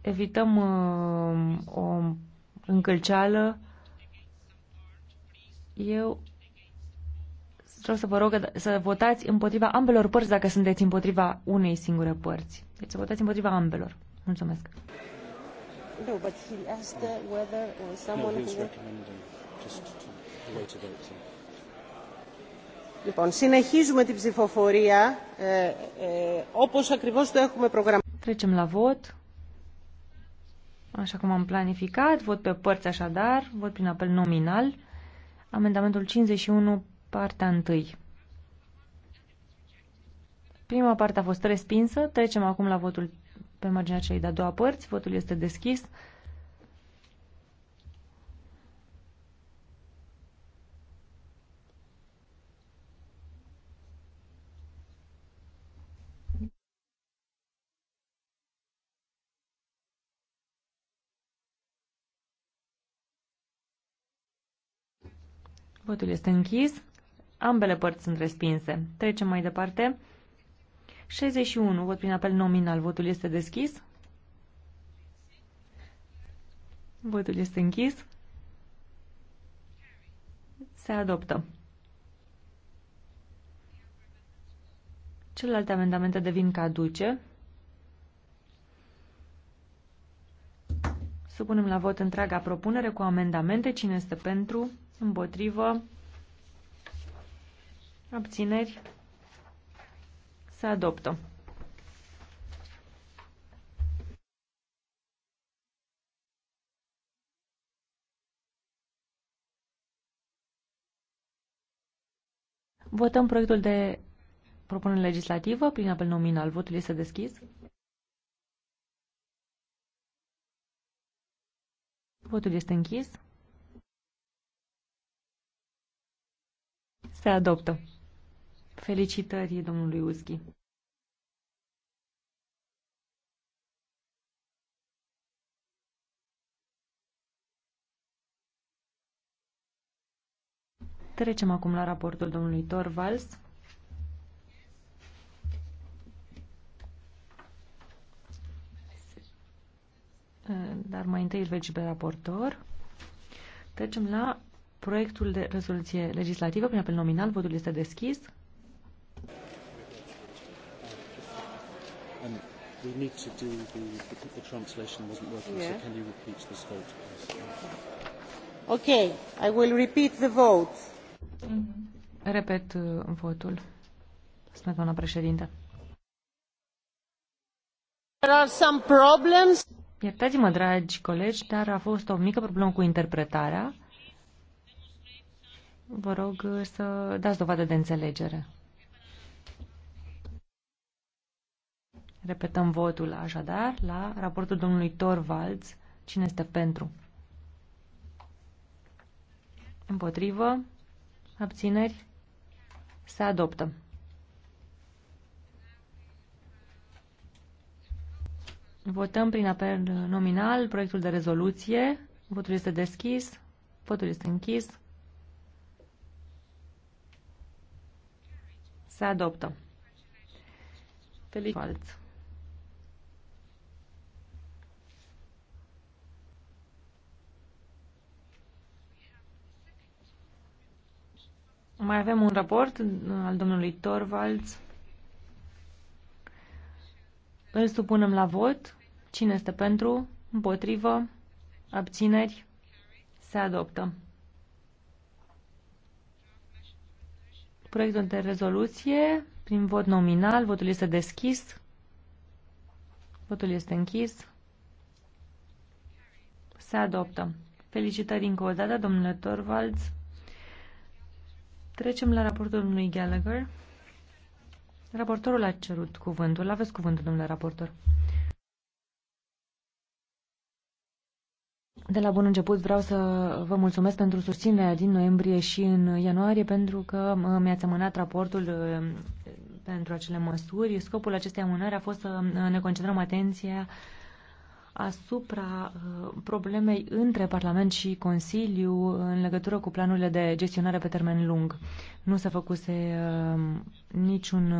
evităm uh, o încălceală, eu vreau să vă rog să votați împotriva ambelor părți dacă sunteți împotriva unei singure părți. Deci să votați împotriva ambelor. Mulțumesc. No, but he asked whether or uh, someone no, who... recommending just to wait a bit. Trecem la vot. Așa cum am planificat, vot pe părți așadar, vot prin apel nominal. Amendamentul 51, partea 1. Prima parte a fost respinsă. Trecem acum la votul pe marginea celei de-a doua părți. Votul este deschis. Votul este închis. Ambele părți sunt respinse. Trecem mai departe. 61. Vot prin apel nominal. Votul este deschis. Votul este închis. Se adoptă. Celelalte amendamente devin caduce. Supunem la vot întreaga propunere cu amendamente. Cine este pentru? împotrivă, abțineri, se adoptă. Votăm proiectul de propunere legislativă prin apel nominal. Votul este deschis. Votul este închis. Se adoptă. Felicitări domnului Uschi. Trecem acum la raportul domnului Torvalds. Dar mai întâi îl vegi pe raportor. Trecem la proiectul de rezoluție legislativă prin apel nominal. Votul este deschis. Ok, I will repeat the vote. Mm-hmm. Repet uh, votul, spune doamna președinte. There are some problems. Iertați-mă, dragi colegi, dar a fost o mică problemă cu interpretarea vă rog uh, să dați dovadă de înțelegere. Repetăm votul așadar la raportul domnului Torvalds. Cine este pentru? Împotrivă? Abțineri? Se adoptă. Votăm prin apel nominal proiectul de rezoluție. Votul este deschis. Votul este închis. Se adoptă. Felicitări. Mai avem un raport al domnului Torvalds. Îl supunem la vot. Cine este pentru? Împotrivă? Abțineri? Se adoptă. Proiectul de rezoluție prin vot nominal. Votul este deschis. Votul este închis. Se adoptă. Felicitări încă o dată, domnule Torvalds. Trecem la raportul domnului Gallagher. Raportorul a cerut cuvântul. Aveți cuvântul, domnule raportor. De la bun început vreau să vă mulțumesc pentru susținerea din noiembrie și în ianuarie, pentru că uh, mi-ați amânat raportul uh, pentru acele măsuri. Scopul acestei amânări a fost să uh, ne concentrăm atenția asupra problemei între Parlament și Consiliu în legătură cu planurile de gestionare pe termen lung. Nu s-a făcuse niciun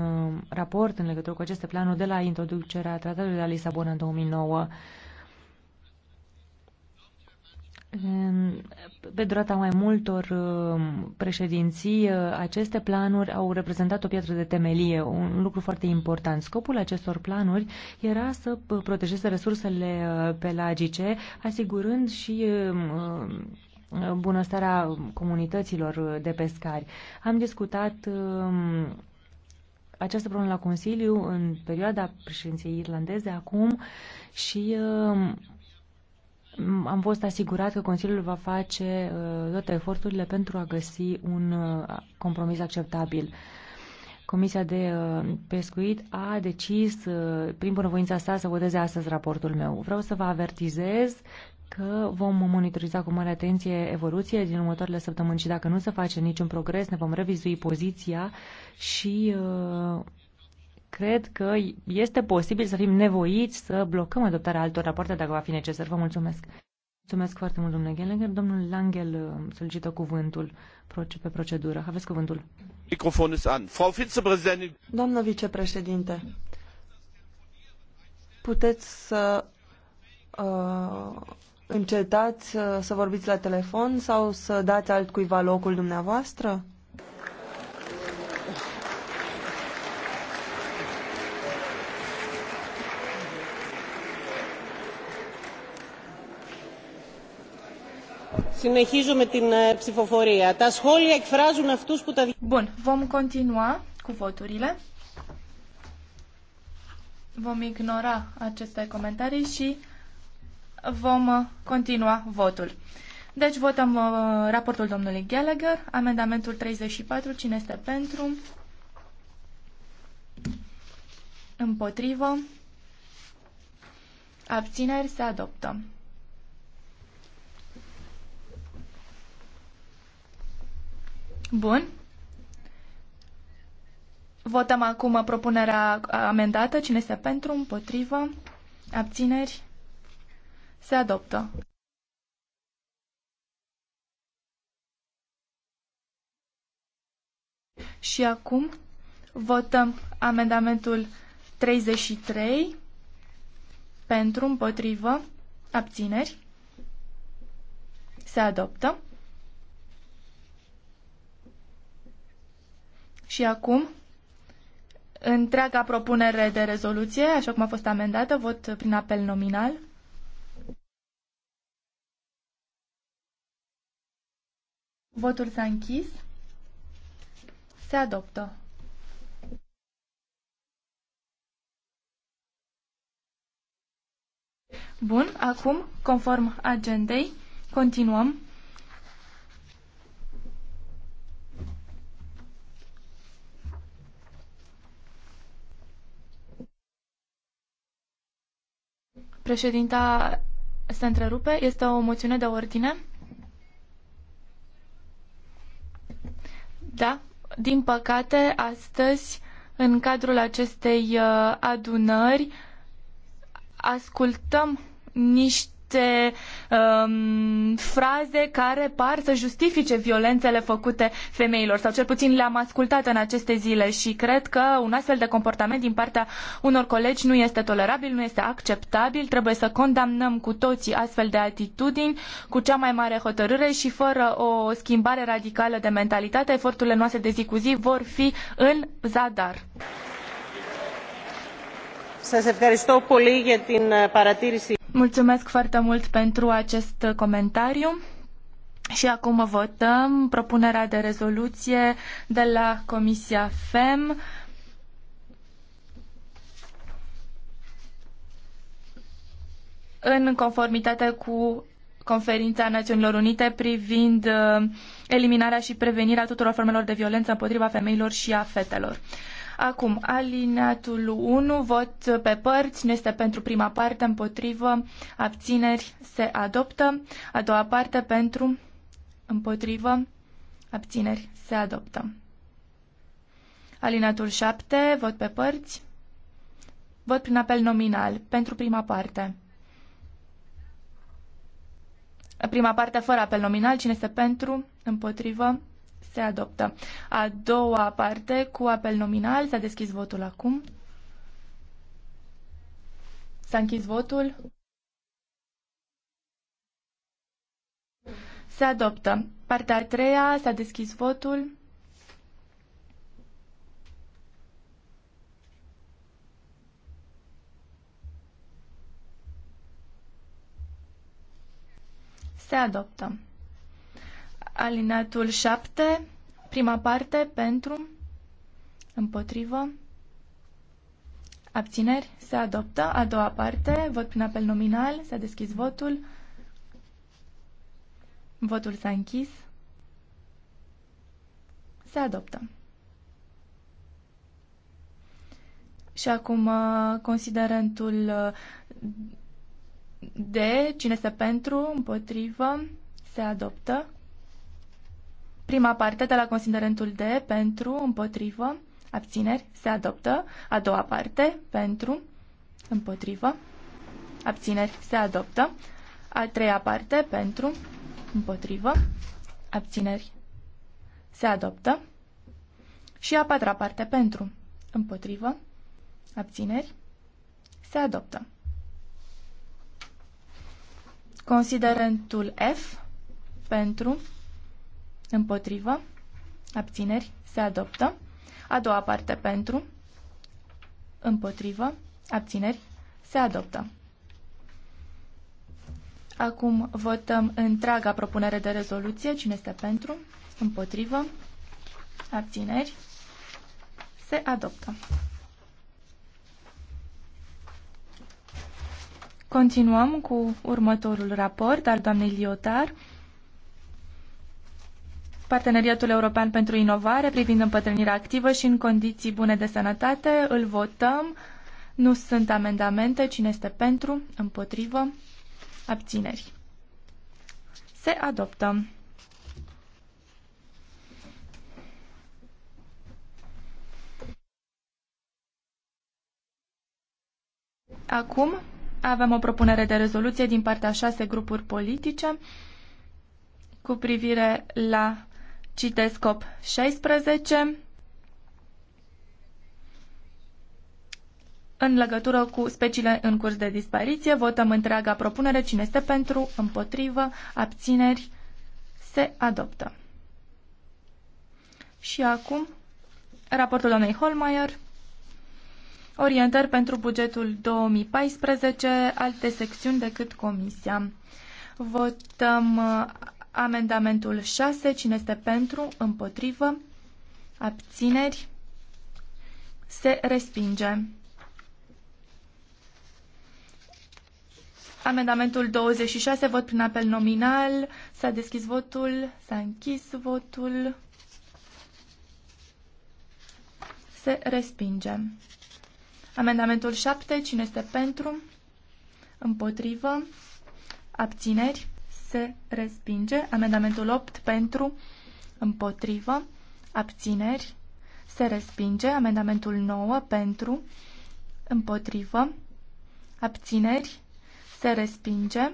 raport în legătură cu aceste planuri de la introducerea Tratatului de la Lisabona în 2009. Pe durata mai multor um, președinții, uh, aceste planuri au reprezentat o piatră de temelie, un lucru foarte important. Scopul acestor planuri era să protejeze resursele uh, pelagice, asigurând și um, uh, bunăstarea comunităților de pescari. Am discutat um, această problemă la Consiliu în perioada președinției irlandeze acum și am fost asigurat că Consiliul va face uh, toate eforturile pentru a găsi un uh, compromis acceptabil. Comisia de uh, pescuit a decis, prin bunăvoința sa, să voteze astăzi raportul meu. Vreau să vă avertizez că vom monitoriza cu mare atenție evoluția din următoarele săptămâni și dacă nu se face niciun progres, ne vom revizui poziția și cred că este posibil să fim nevoiți să blocăm adoptarea altor rapoarte dacă va fi necesar. Vă mulțumesc. Mulțumesc foarte mult, domnule Gallagher. Domnul Langel uh, solicită cuvântul pe procedură. Aveți cuvântul. Microfonul este an. Frau vicepreședinte. Doamnă vicepreședinte, puteți să uh, încetați uh, să vorbiți la telefon sau să dați altcuiva locul dumneavoastră? Συνεχίζουμε την ψηφοφορία. Τα σχόλια εκφράζουν αυτούς που τα... Bun, vom continua cu voturile. Vom ignora aceste comentarii și vom uh, continua votul. Deci votăm uh, raportul domnului Gallagher, amendamentul 34, cine este pentru, împotrivă, abțineri, se adoptă. Bun. Votăm acum propunerea amendată. Cine este pentru, împotrivă, abțineri, se adoptă. Și acum votăm amendamentul 33 pentru, împotrivă, abțineri, se adoptă. Și acum, întreaga propunere de rezoluție, așa cum a fost amendată, vot prin apel nominal. Votul s-a închis. Se adoptă. Bun, acum, conform agendei, continuăm Președinta se întrerupe. Este o moțiune de ordine? Da. Din păcate, astăzi, în cadrul acestei uh, adunări, ascultăm niște niște um, fraze care par să justifice violențele făcute femeilor, sau cel puțin le-am ascultat în aceste zile și cred că un astfel de comportament din partea unor colegi nu este tolerabil, nu este acceptabil, trebuie să condamnăm cu toții astfel de atitudini cu cea mai mare hotărâre și fără o schimbare radicală de mentalitate, eforturile noastre de zi cu zi vor fi în zadar. Σας ευχαριστώ πολύ για την παρατήρηση Mulțumesc foarte mult pentru acest comentariu. Și acum votăm propunerea de rezoluție de la Comisia FEM. în conformitate cu Conferința Națiunilor Unite privind uh, eliminarea și prevenirea tuturor formelor de violență împotriva femeilor și a fetelor. Acum, alineatul 1, vot pe părți, nu este pentru prima parte, împotrivă, abțineri, se adoptă. A doua parte, pentru, împotrivă, abțineri, se adoptă. Alineatul 7, vot pe părți, vot prin apel nominal, pentru prima parte. Prima parte fără apel nominal, cine este pentru, împotrivă, se adoptă. A doua parte cu apel nominal. S-a deschis votul acum. S-a închis votul. Se adoptă. Partea a treia. S-a deschis votul. Se adoptă. Alinatul 7, prima parte, pentru, împotrivă, abțineri, se adoptă. A doua parte, vot prin apel nominal, s-a deschis votul. Votul s-a închis. Se adoptă. Și acum uh, considerentul uh, de cine se pentru, împotrivă, se adoptă. Prima parte de la considerentul D pentru, împotrivă, abțineri, se adoptă. A doua parte pentru, împotrivă, abțineri, se adoptă. A treia parte pentru, împotrivă, abțineri, se adoptă. Și a patra parte pentru, împotrivă, abțineri, se adoptă. Considerentul F pentru, Împotrivă. Abțineri. Se adoptă. A doua parte pentru. Împotrivă. Abțineri. Se adoptă. Acum votăm întreaga propunere de rezoluție. Cine este pentru? Împotrivă. Abțineri. Se adoptă. Continuăm cu următorul raport al doamnei Liotar. Parteneriatul European pentru Inovare privind împătrânirea activă și în condiții bune de sănătate. Îl votăm. Nu sunt amendamente. Cine este pentru? Împotrivă? Abțineri. Se adoptă. Acum avem o propunere de rezoluție din partea șase grupuri politice cu privire la Citesc COP 16 în legătură cu speciile în curs de dispariție. Votăm întreaga propunere. Cine este pentru, împotrivă, abțineri, se adoptă. Și acum, raportul doamnei Holmeier. Orientări pentru bugetul 2014, alte secțiuni decât Comisia. Votăm uh, Amendamentul 6. Cine este pentru? Împotrivă? Abțineri? Se respinge. Amendamentul 26, vot prin apel nominal. S-a deschis votul, s-a închis votul. Se respinge. Amendamentul 7, cine este pentru? Împotrivă? Abțineri? se respinge. Amendamentul 8 pentru, împotrivă, abțineri, se respinge. Amendamentul 9 pentru, împotrivă, abțineri, se respinge.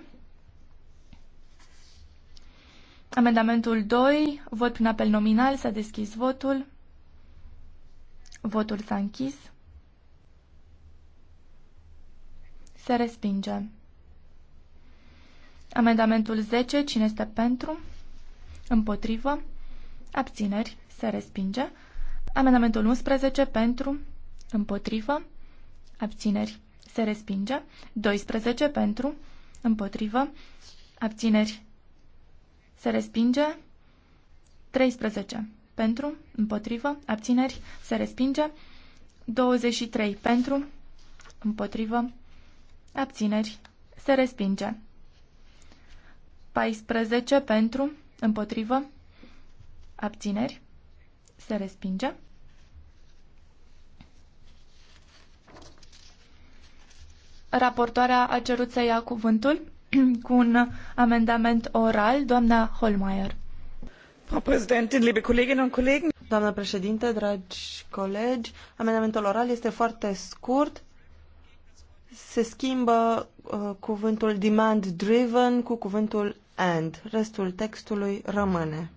Amendamentul 2, vot prin apel nominal, s-a deschis votul. Votul s-a închis. Se respinge. Amendamentul 10. Cine este pentru? Împotrivă. Abțineri. Se respinge. Amendamentul 11. Pentru. Împotrivă. Abțineri. Se respinge. 12. Pentru. Împotrivă. Abțineri. Se respinge. 13. Pentru. Împotrivă. Abțineri. Se respinge. 23. Pentru. Împotrivă. Abțineri. Se respinge. 14 pentru, împotrivă, abțineri, se respinge. Raportoarea a cerut să ia cuvântul cu un amendament oral, doamna Holmeier. Doamnă președinte, dragi colegi, amendamentul oral este foarte scurt. Se schimbă uh, cuvântul demand driven cu cuvântul and. Restul textului rămâne.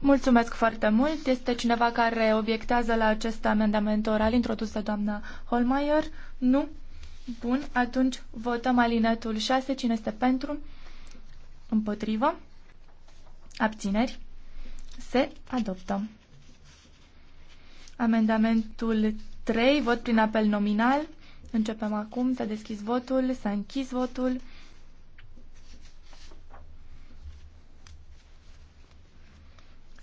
Mulțumesc foarte mult. Este cineva care obiectează la acest amendament oral introdus de doamna Holmeier? Nu? Bun, atunci votăm alinetul 6. Cine este pentru? Împotrivă? Abțineri? Se adoptă. Amendamentul 3, vot prin apel nominal. Începem acum, s-a deschis votul, s-a închis votul.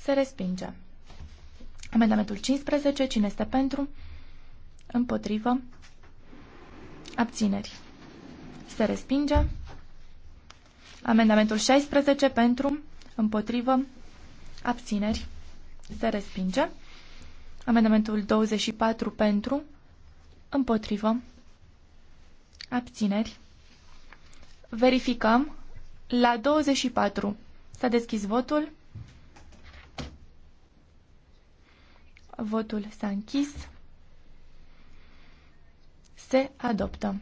Se respinge. Amendamentul 15. Cine este pentru? Împotrivă. Abțineri. Se respinge. Amendamentul 16. Pentru. Împotrivă. Abțineri. Se respinge. Amendamentul 24. Pentru. Împotrivă. Abțineri. Verificăm. La 24. S-a deschis votul. Votul s-a închis. Se adoptă.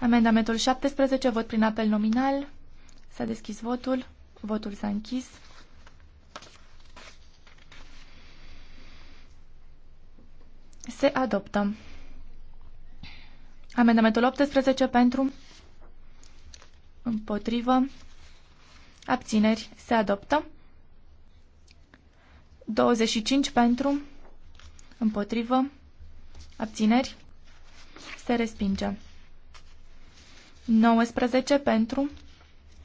Amendamentul 17, vot prin apel nominal. S-a deschis votul. Votul s-a închis. Se adoptă. Amendamentul 18 pentru, împotrivă, abțineri, se adoptă. 25 pentru, împotrivă, abțineri, se respinge. 19 pentru,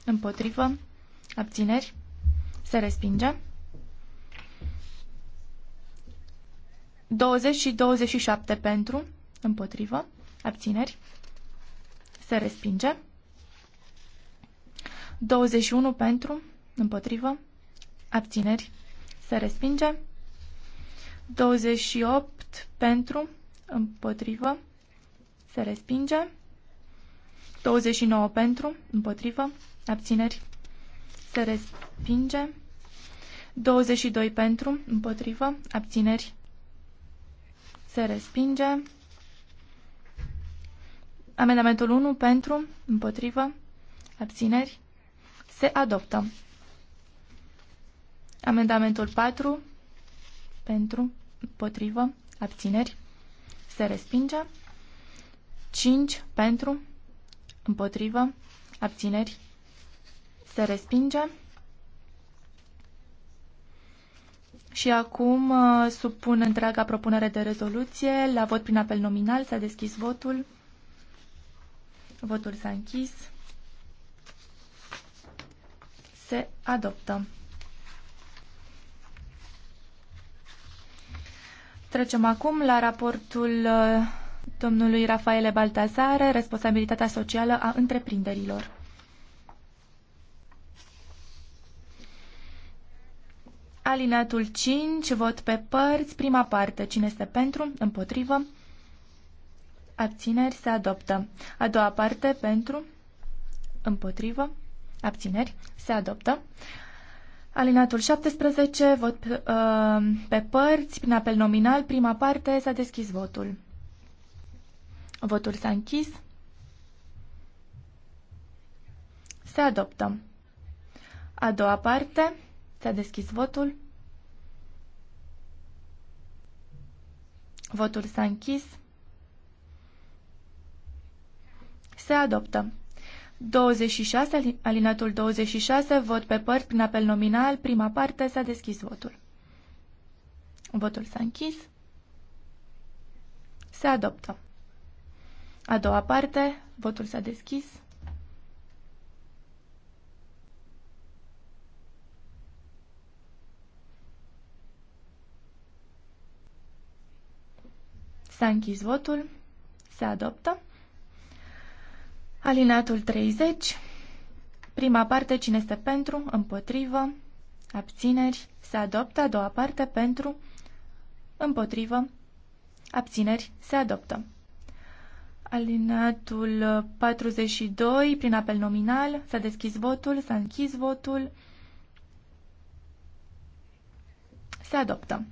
împotrivă, abțineri, se respinge. 20 și 27 pentru, împotrivă, abțineri, se respinge. 21 pentru, împotrivă, abțineri, se respinge. 28 pentru, împotrivă, se respinge. 29 pentru, împotrivă, abțineri, se respinge. 22 pentru, împotrivă, abțineri, se respinge. Amendamentul 1 pentru, împotrivă, abțineri, se adoptă. Amendamentul 4 pentru, potrivă abțineri, se respinge. 5 pentru, împotrivă, abțineri, se respinge. Și acum uh, supun întreaga propunere de rezoluție la vot prin apel nominal. S-a deschis votul. Votul s-a închis. Se adoptă. Trecem acum la raportul uh, domnului Rafaele Baltazare, responsabilitatea socială a întreprinderilor. Alineatul 5, vot pe părți, prima parte, cine este pentru, împotrivă, abțineri, se adoptă. A doua parte, pentru, împotrivă, abțineri, se adoptă. Alinatul 17, vot uh, pe părți, prin apel nominal, prima parte, s-a deschis votul. Votul s-a închis. Se adoptă. A doua parte, s-a deschis votul. Votul s-a închis. Se adoptă. 26, alinatul 26, vot pe părți prin apel nominal, prima parte, s-a deschis votul. Votul s-a închis. Se adoptă. A doua parte, votul s-a deschis. S-a închis votul. Se adoptă. Alinatul 30. Prima parte, cine este pentru, împotrivă, abțineri, se adoptă. A doua parte, pentru, împotrivă, abțineri, se adoptă. Alinatul 42, prin apel nominal, s-a deschis votul, s-a închis votul, se adoptă.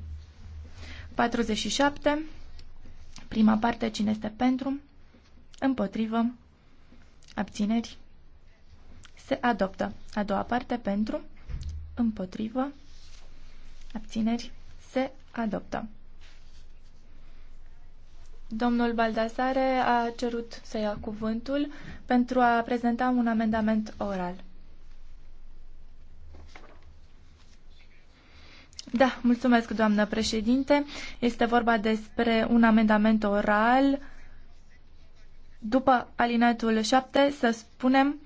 47, prima parte, cine este pentru, împotrivă, abțineri, se adoptă. A doua parte pentru, împotrivă, abțineri, se adoptă. Domnul Baldasare a cerut să ia cuvântul pentru a prezenta un amendament oral. Da, mulțumesc, doamnă președinte. Este vorba despre un amendament oral după alineatul 7 să spunem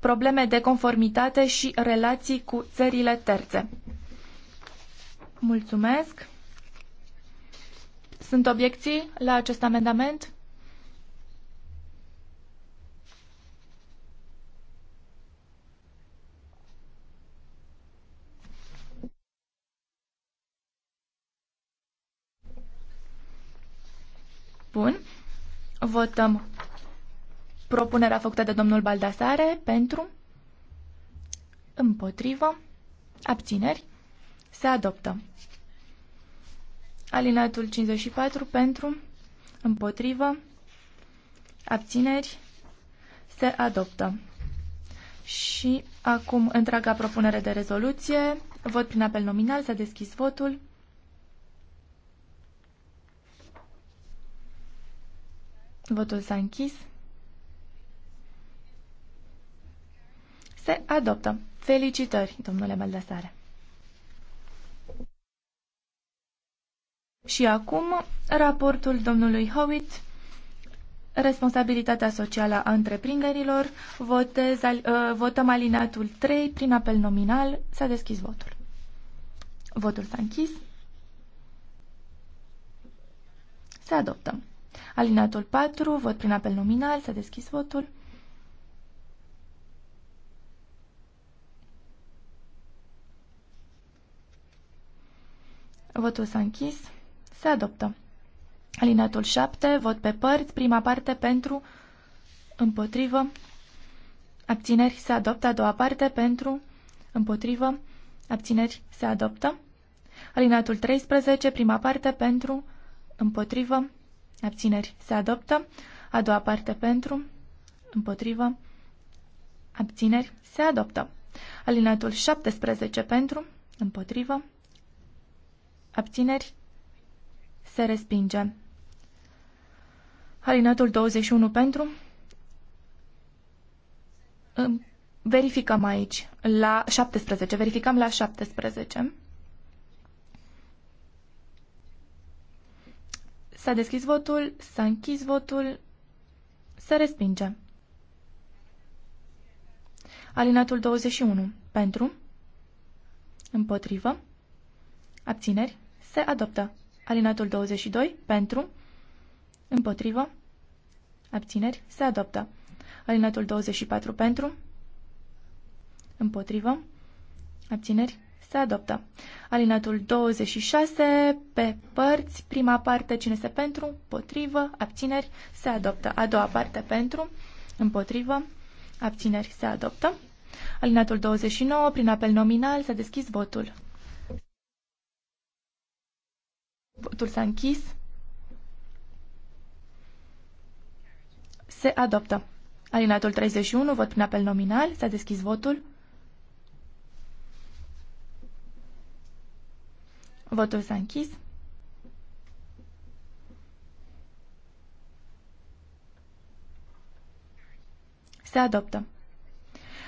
probleme de conformitate și relații cu țările terțe. Mulțumesc. Sunt obiecții la acest amendament? Bun. Votăm propunerea făcută de domnul Baldasare pentru, împotrivă, abțineri, se adoptă. Alinatul 54 pentru, împotrivă, abțineri, se adoptă. Și acum întreaga propunere de rezoluție, vot prin apel nominal, s-a deschis votul. Votul s-a închis. Se adoptă. Felicitări, domnule Baldasare. Și acum, raportul domnului Howitt, responsabilitatea socială a întreprinderilor, votez, uh, votăm alineatul 3 prin apel nominal, s-a deschis votul. Votul s-a închis. Se adoptă. Alinatul 4, vot prin apel nominal, s-a deschis votul. Votul s-a închis. Se adoptă. Alinatul 7, vot pe părți, prima parte pentru, împotrivă, abțineri se adoptă, a doua parte pentru, împotrivă, abțineri se adoptă. Alinatul 13, prima parte pentru, împotrivă, Abțineri. Se adoptă. A doua parte pentru. Împotrivă. Abțineri. Se adoptă. Alinatul 17 pentru. Împotrivă. Abțineri. Se respinge. Alinatul 21 pentru. Verificăm aici. La 17. Verificăm la 17. S-a deschis votul, s-a închis votul, se respinge. Alinatul 21. Pentru. Împotrivă. Abțineri. Se adoptă. Alinatul 22. Pentru. Împotrivă. Abțineri. Se adoptă. Alinatul 24. Pentru. Împotrivă. Abțineri. Se adoptă. Alinatul 26, pe părți, prima parte, cine este pentru, potrivă, abțineri, se adoptă. A doua parte, pentru, împotrivă, abțineri, se adoptă. Alinatul 29, prin apel nominal, s-a deschis votul. Votul s-a închis. Se adoptă. Alinatul 31, vot prin apel nominal, s-a deschis votul. Votul s-a închis. Se adoptă.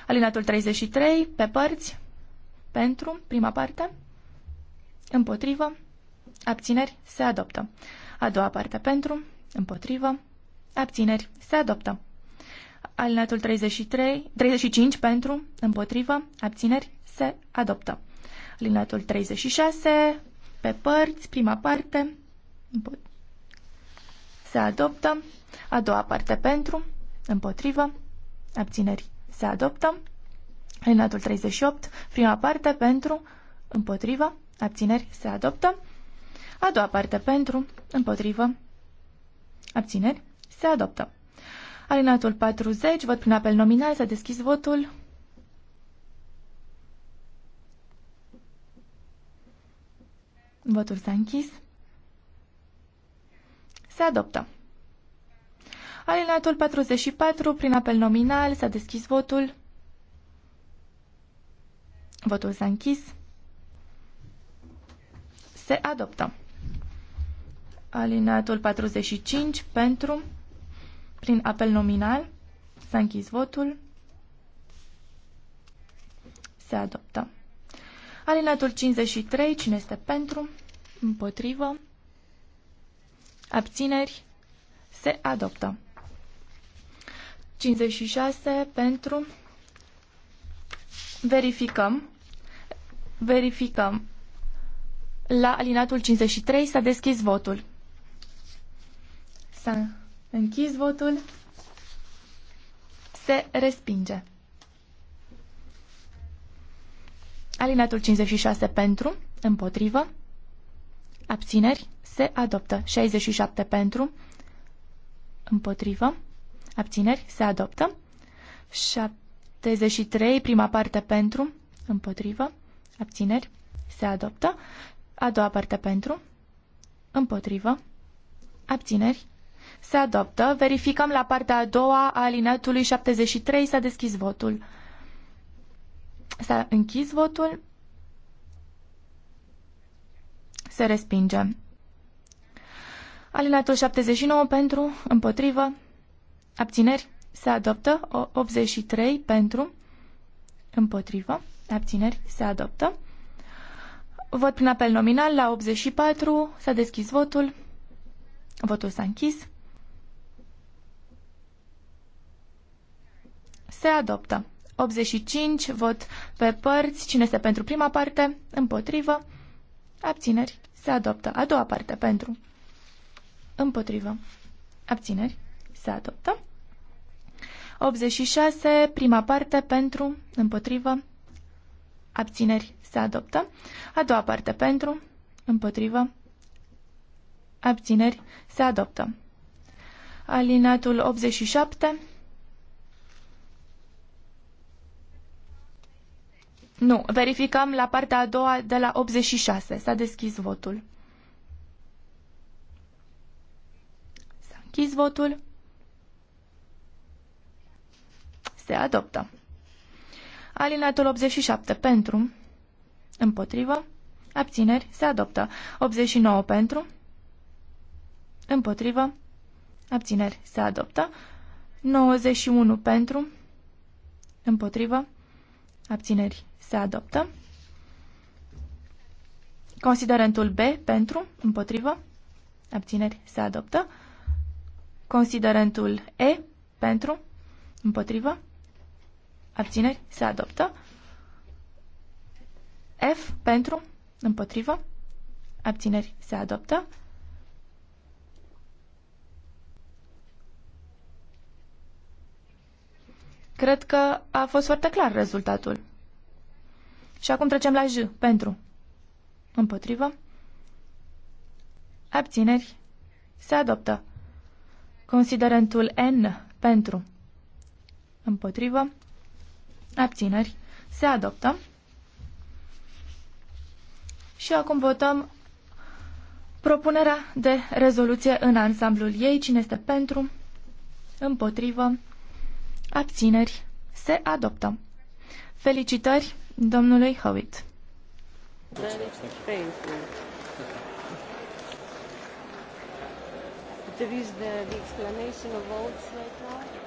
Alinatul 33, pe părți, pentru, prima parte, împotrivă, abțineri, se adoptă. A doua parte, pentru, împotrivă, abțineri, se adoptă. Alinatul 33, 35, pentru, împotrivă, abțineri, se adoptă. Alinatul 36, pe părți, prima parte, se adoptă, a doua parte pentru, împotrivă, abțineri, se adoptă, alineatul 38, prima parte pentru, împotrivă, abțineri, se adoptă, a doua parte pentru, împotrivă, abțineri, se adoptă. Alinatul 40, vot prin apel nominal, s-a deschis votul. Votul s-a închis. Se adoptă. Alinatul 44, prin apel nominal, s-a deschis votul. Votul s-a închis. Se adoptă. Alinatul 45, pentru, prin apel nominal, s-a închis votul. Se adoptă. Alinatul 53, cine este pentru? Împotrivă. Abțineri. Se adoptă. 56 pentru. Verificăm. Verificăm. La alinatul 53 s-a deschis votul. S-a închis votul. Se respinge. Alinatul 56 pentru, împotrivă, abțineri, se adoptă. 67 pentru, împotrivă, abțineri, se adoptă. 73, prima parte pentru, împotrivă, abțineri, se adoptă. A doua parte pentru, împotrivă, abțineri, se adoptă. Verificăm la partea a doua a alineatului 73, s-a deschis votul. S-a închis votul. Se respinge. Alinatul 79 pentru, împotrivă, abțineri, se adoptă. 83 pentru, împotrivă, abțineri, se adoptă. Vot prin apel nominal la 84, s-a deschis votul, votul s-a închis. Se adoptă. 85, vot pe părți. Cine este pentru prima parte? Împotrivă. Abțineri. Se adoptă. A doua parte pentru. Împotrivă. Abțineri. Se adoptă. 86, prima parte pentru, împotrivă, abțineri, se adoptă. A doua parte pentru, împotrivă, abțineri, se adoptă. Alinatul 87, Nu, verificăm la partea a doua de la 86. S-a deschis votul. S-a închis votul. Se adoptă. Alinatul 87 pentru, împotrivă, abțineri, se adoptă. 89 pentru, împotrivă, abțineri, se adoptă. 91 pentru, împotrivă, abțineri, se adoptă. Considerentul B pentru, împotrivă, abțineri, se adoptă. Considerentul E pentru, împotrivă, abțineri, se adoptă. F pentru, împotrivă, abțineri, se adoptă. Cred că a fost foarte clar rezultatul. Și acum trecem la J. Pentru. Împotrivă. Abțineri. Se adoptă. Considerentul N. Pentru. Împotrivă. Abțineri. Se adoptă. Și acum votăm propunerea de rezoluție în ansamblul ei. Cine este pentru? Împotrivă. Abțineri. Se adoptă. Felicitări domnului Howitt. There is the, the explanation of votes right now.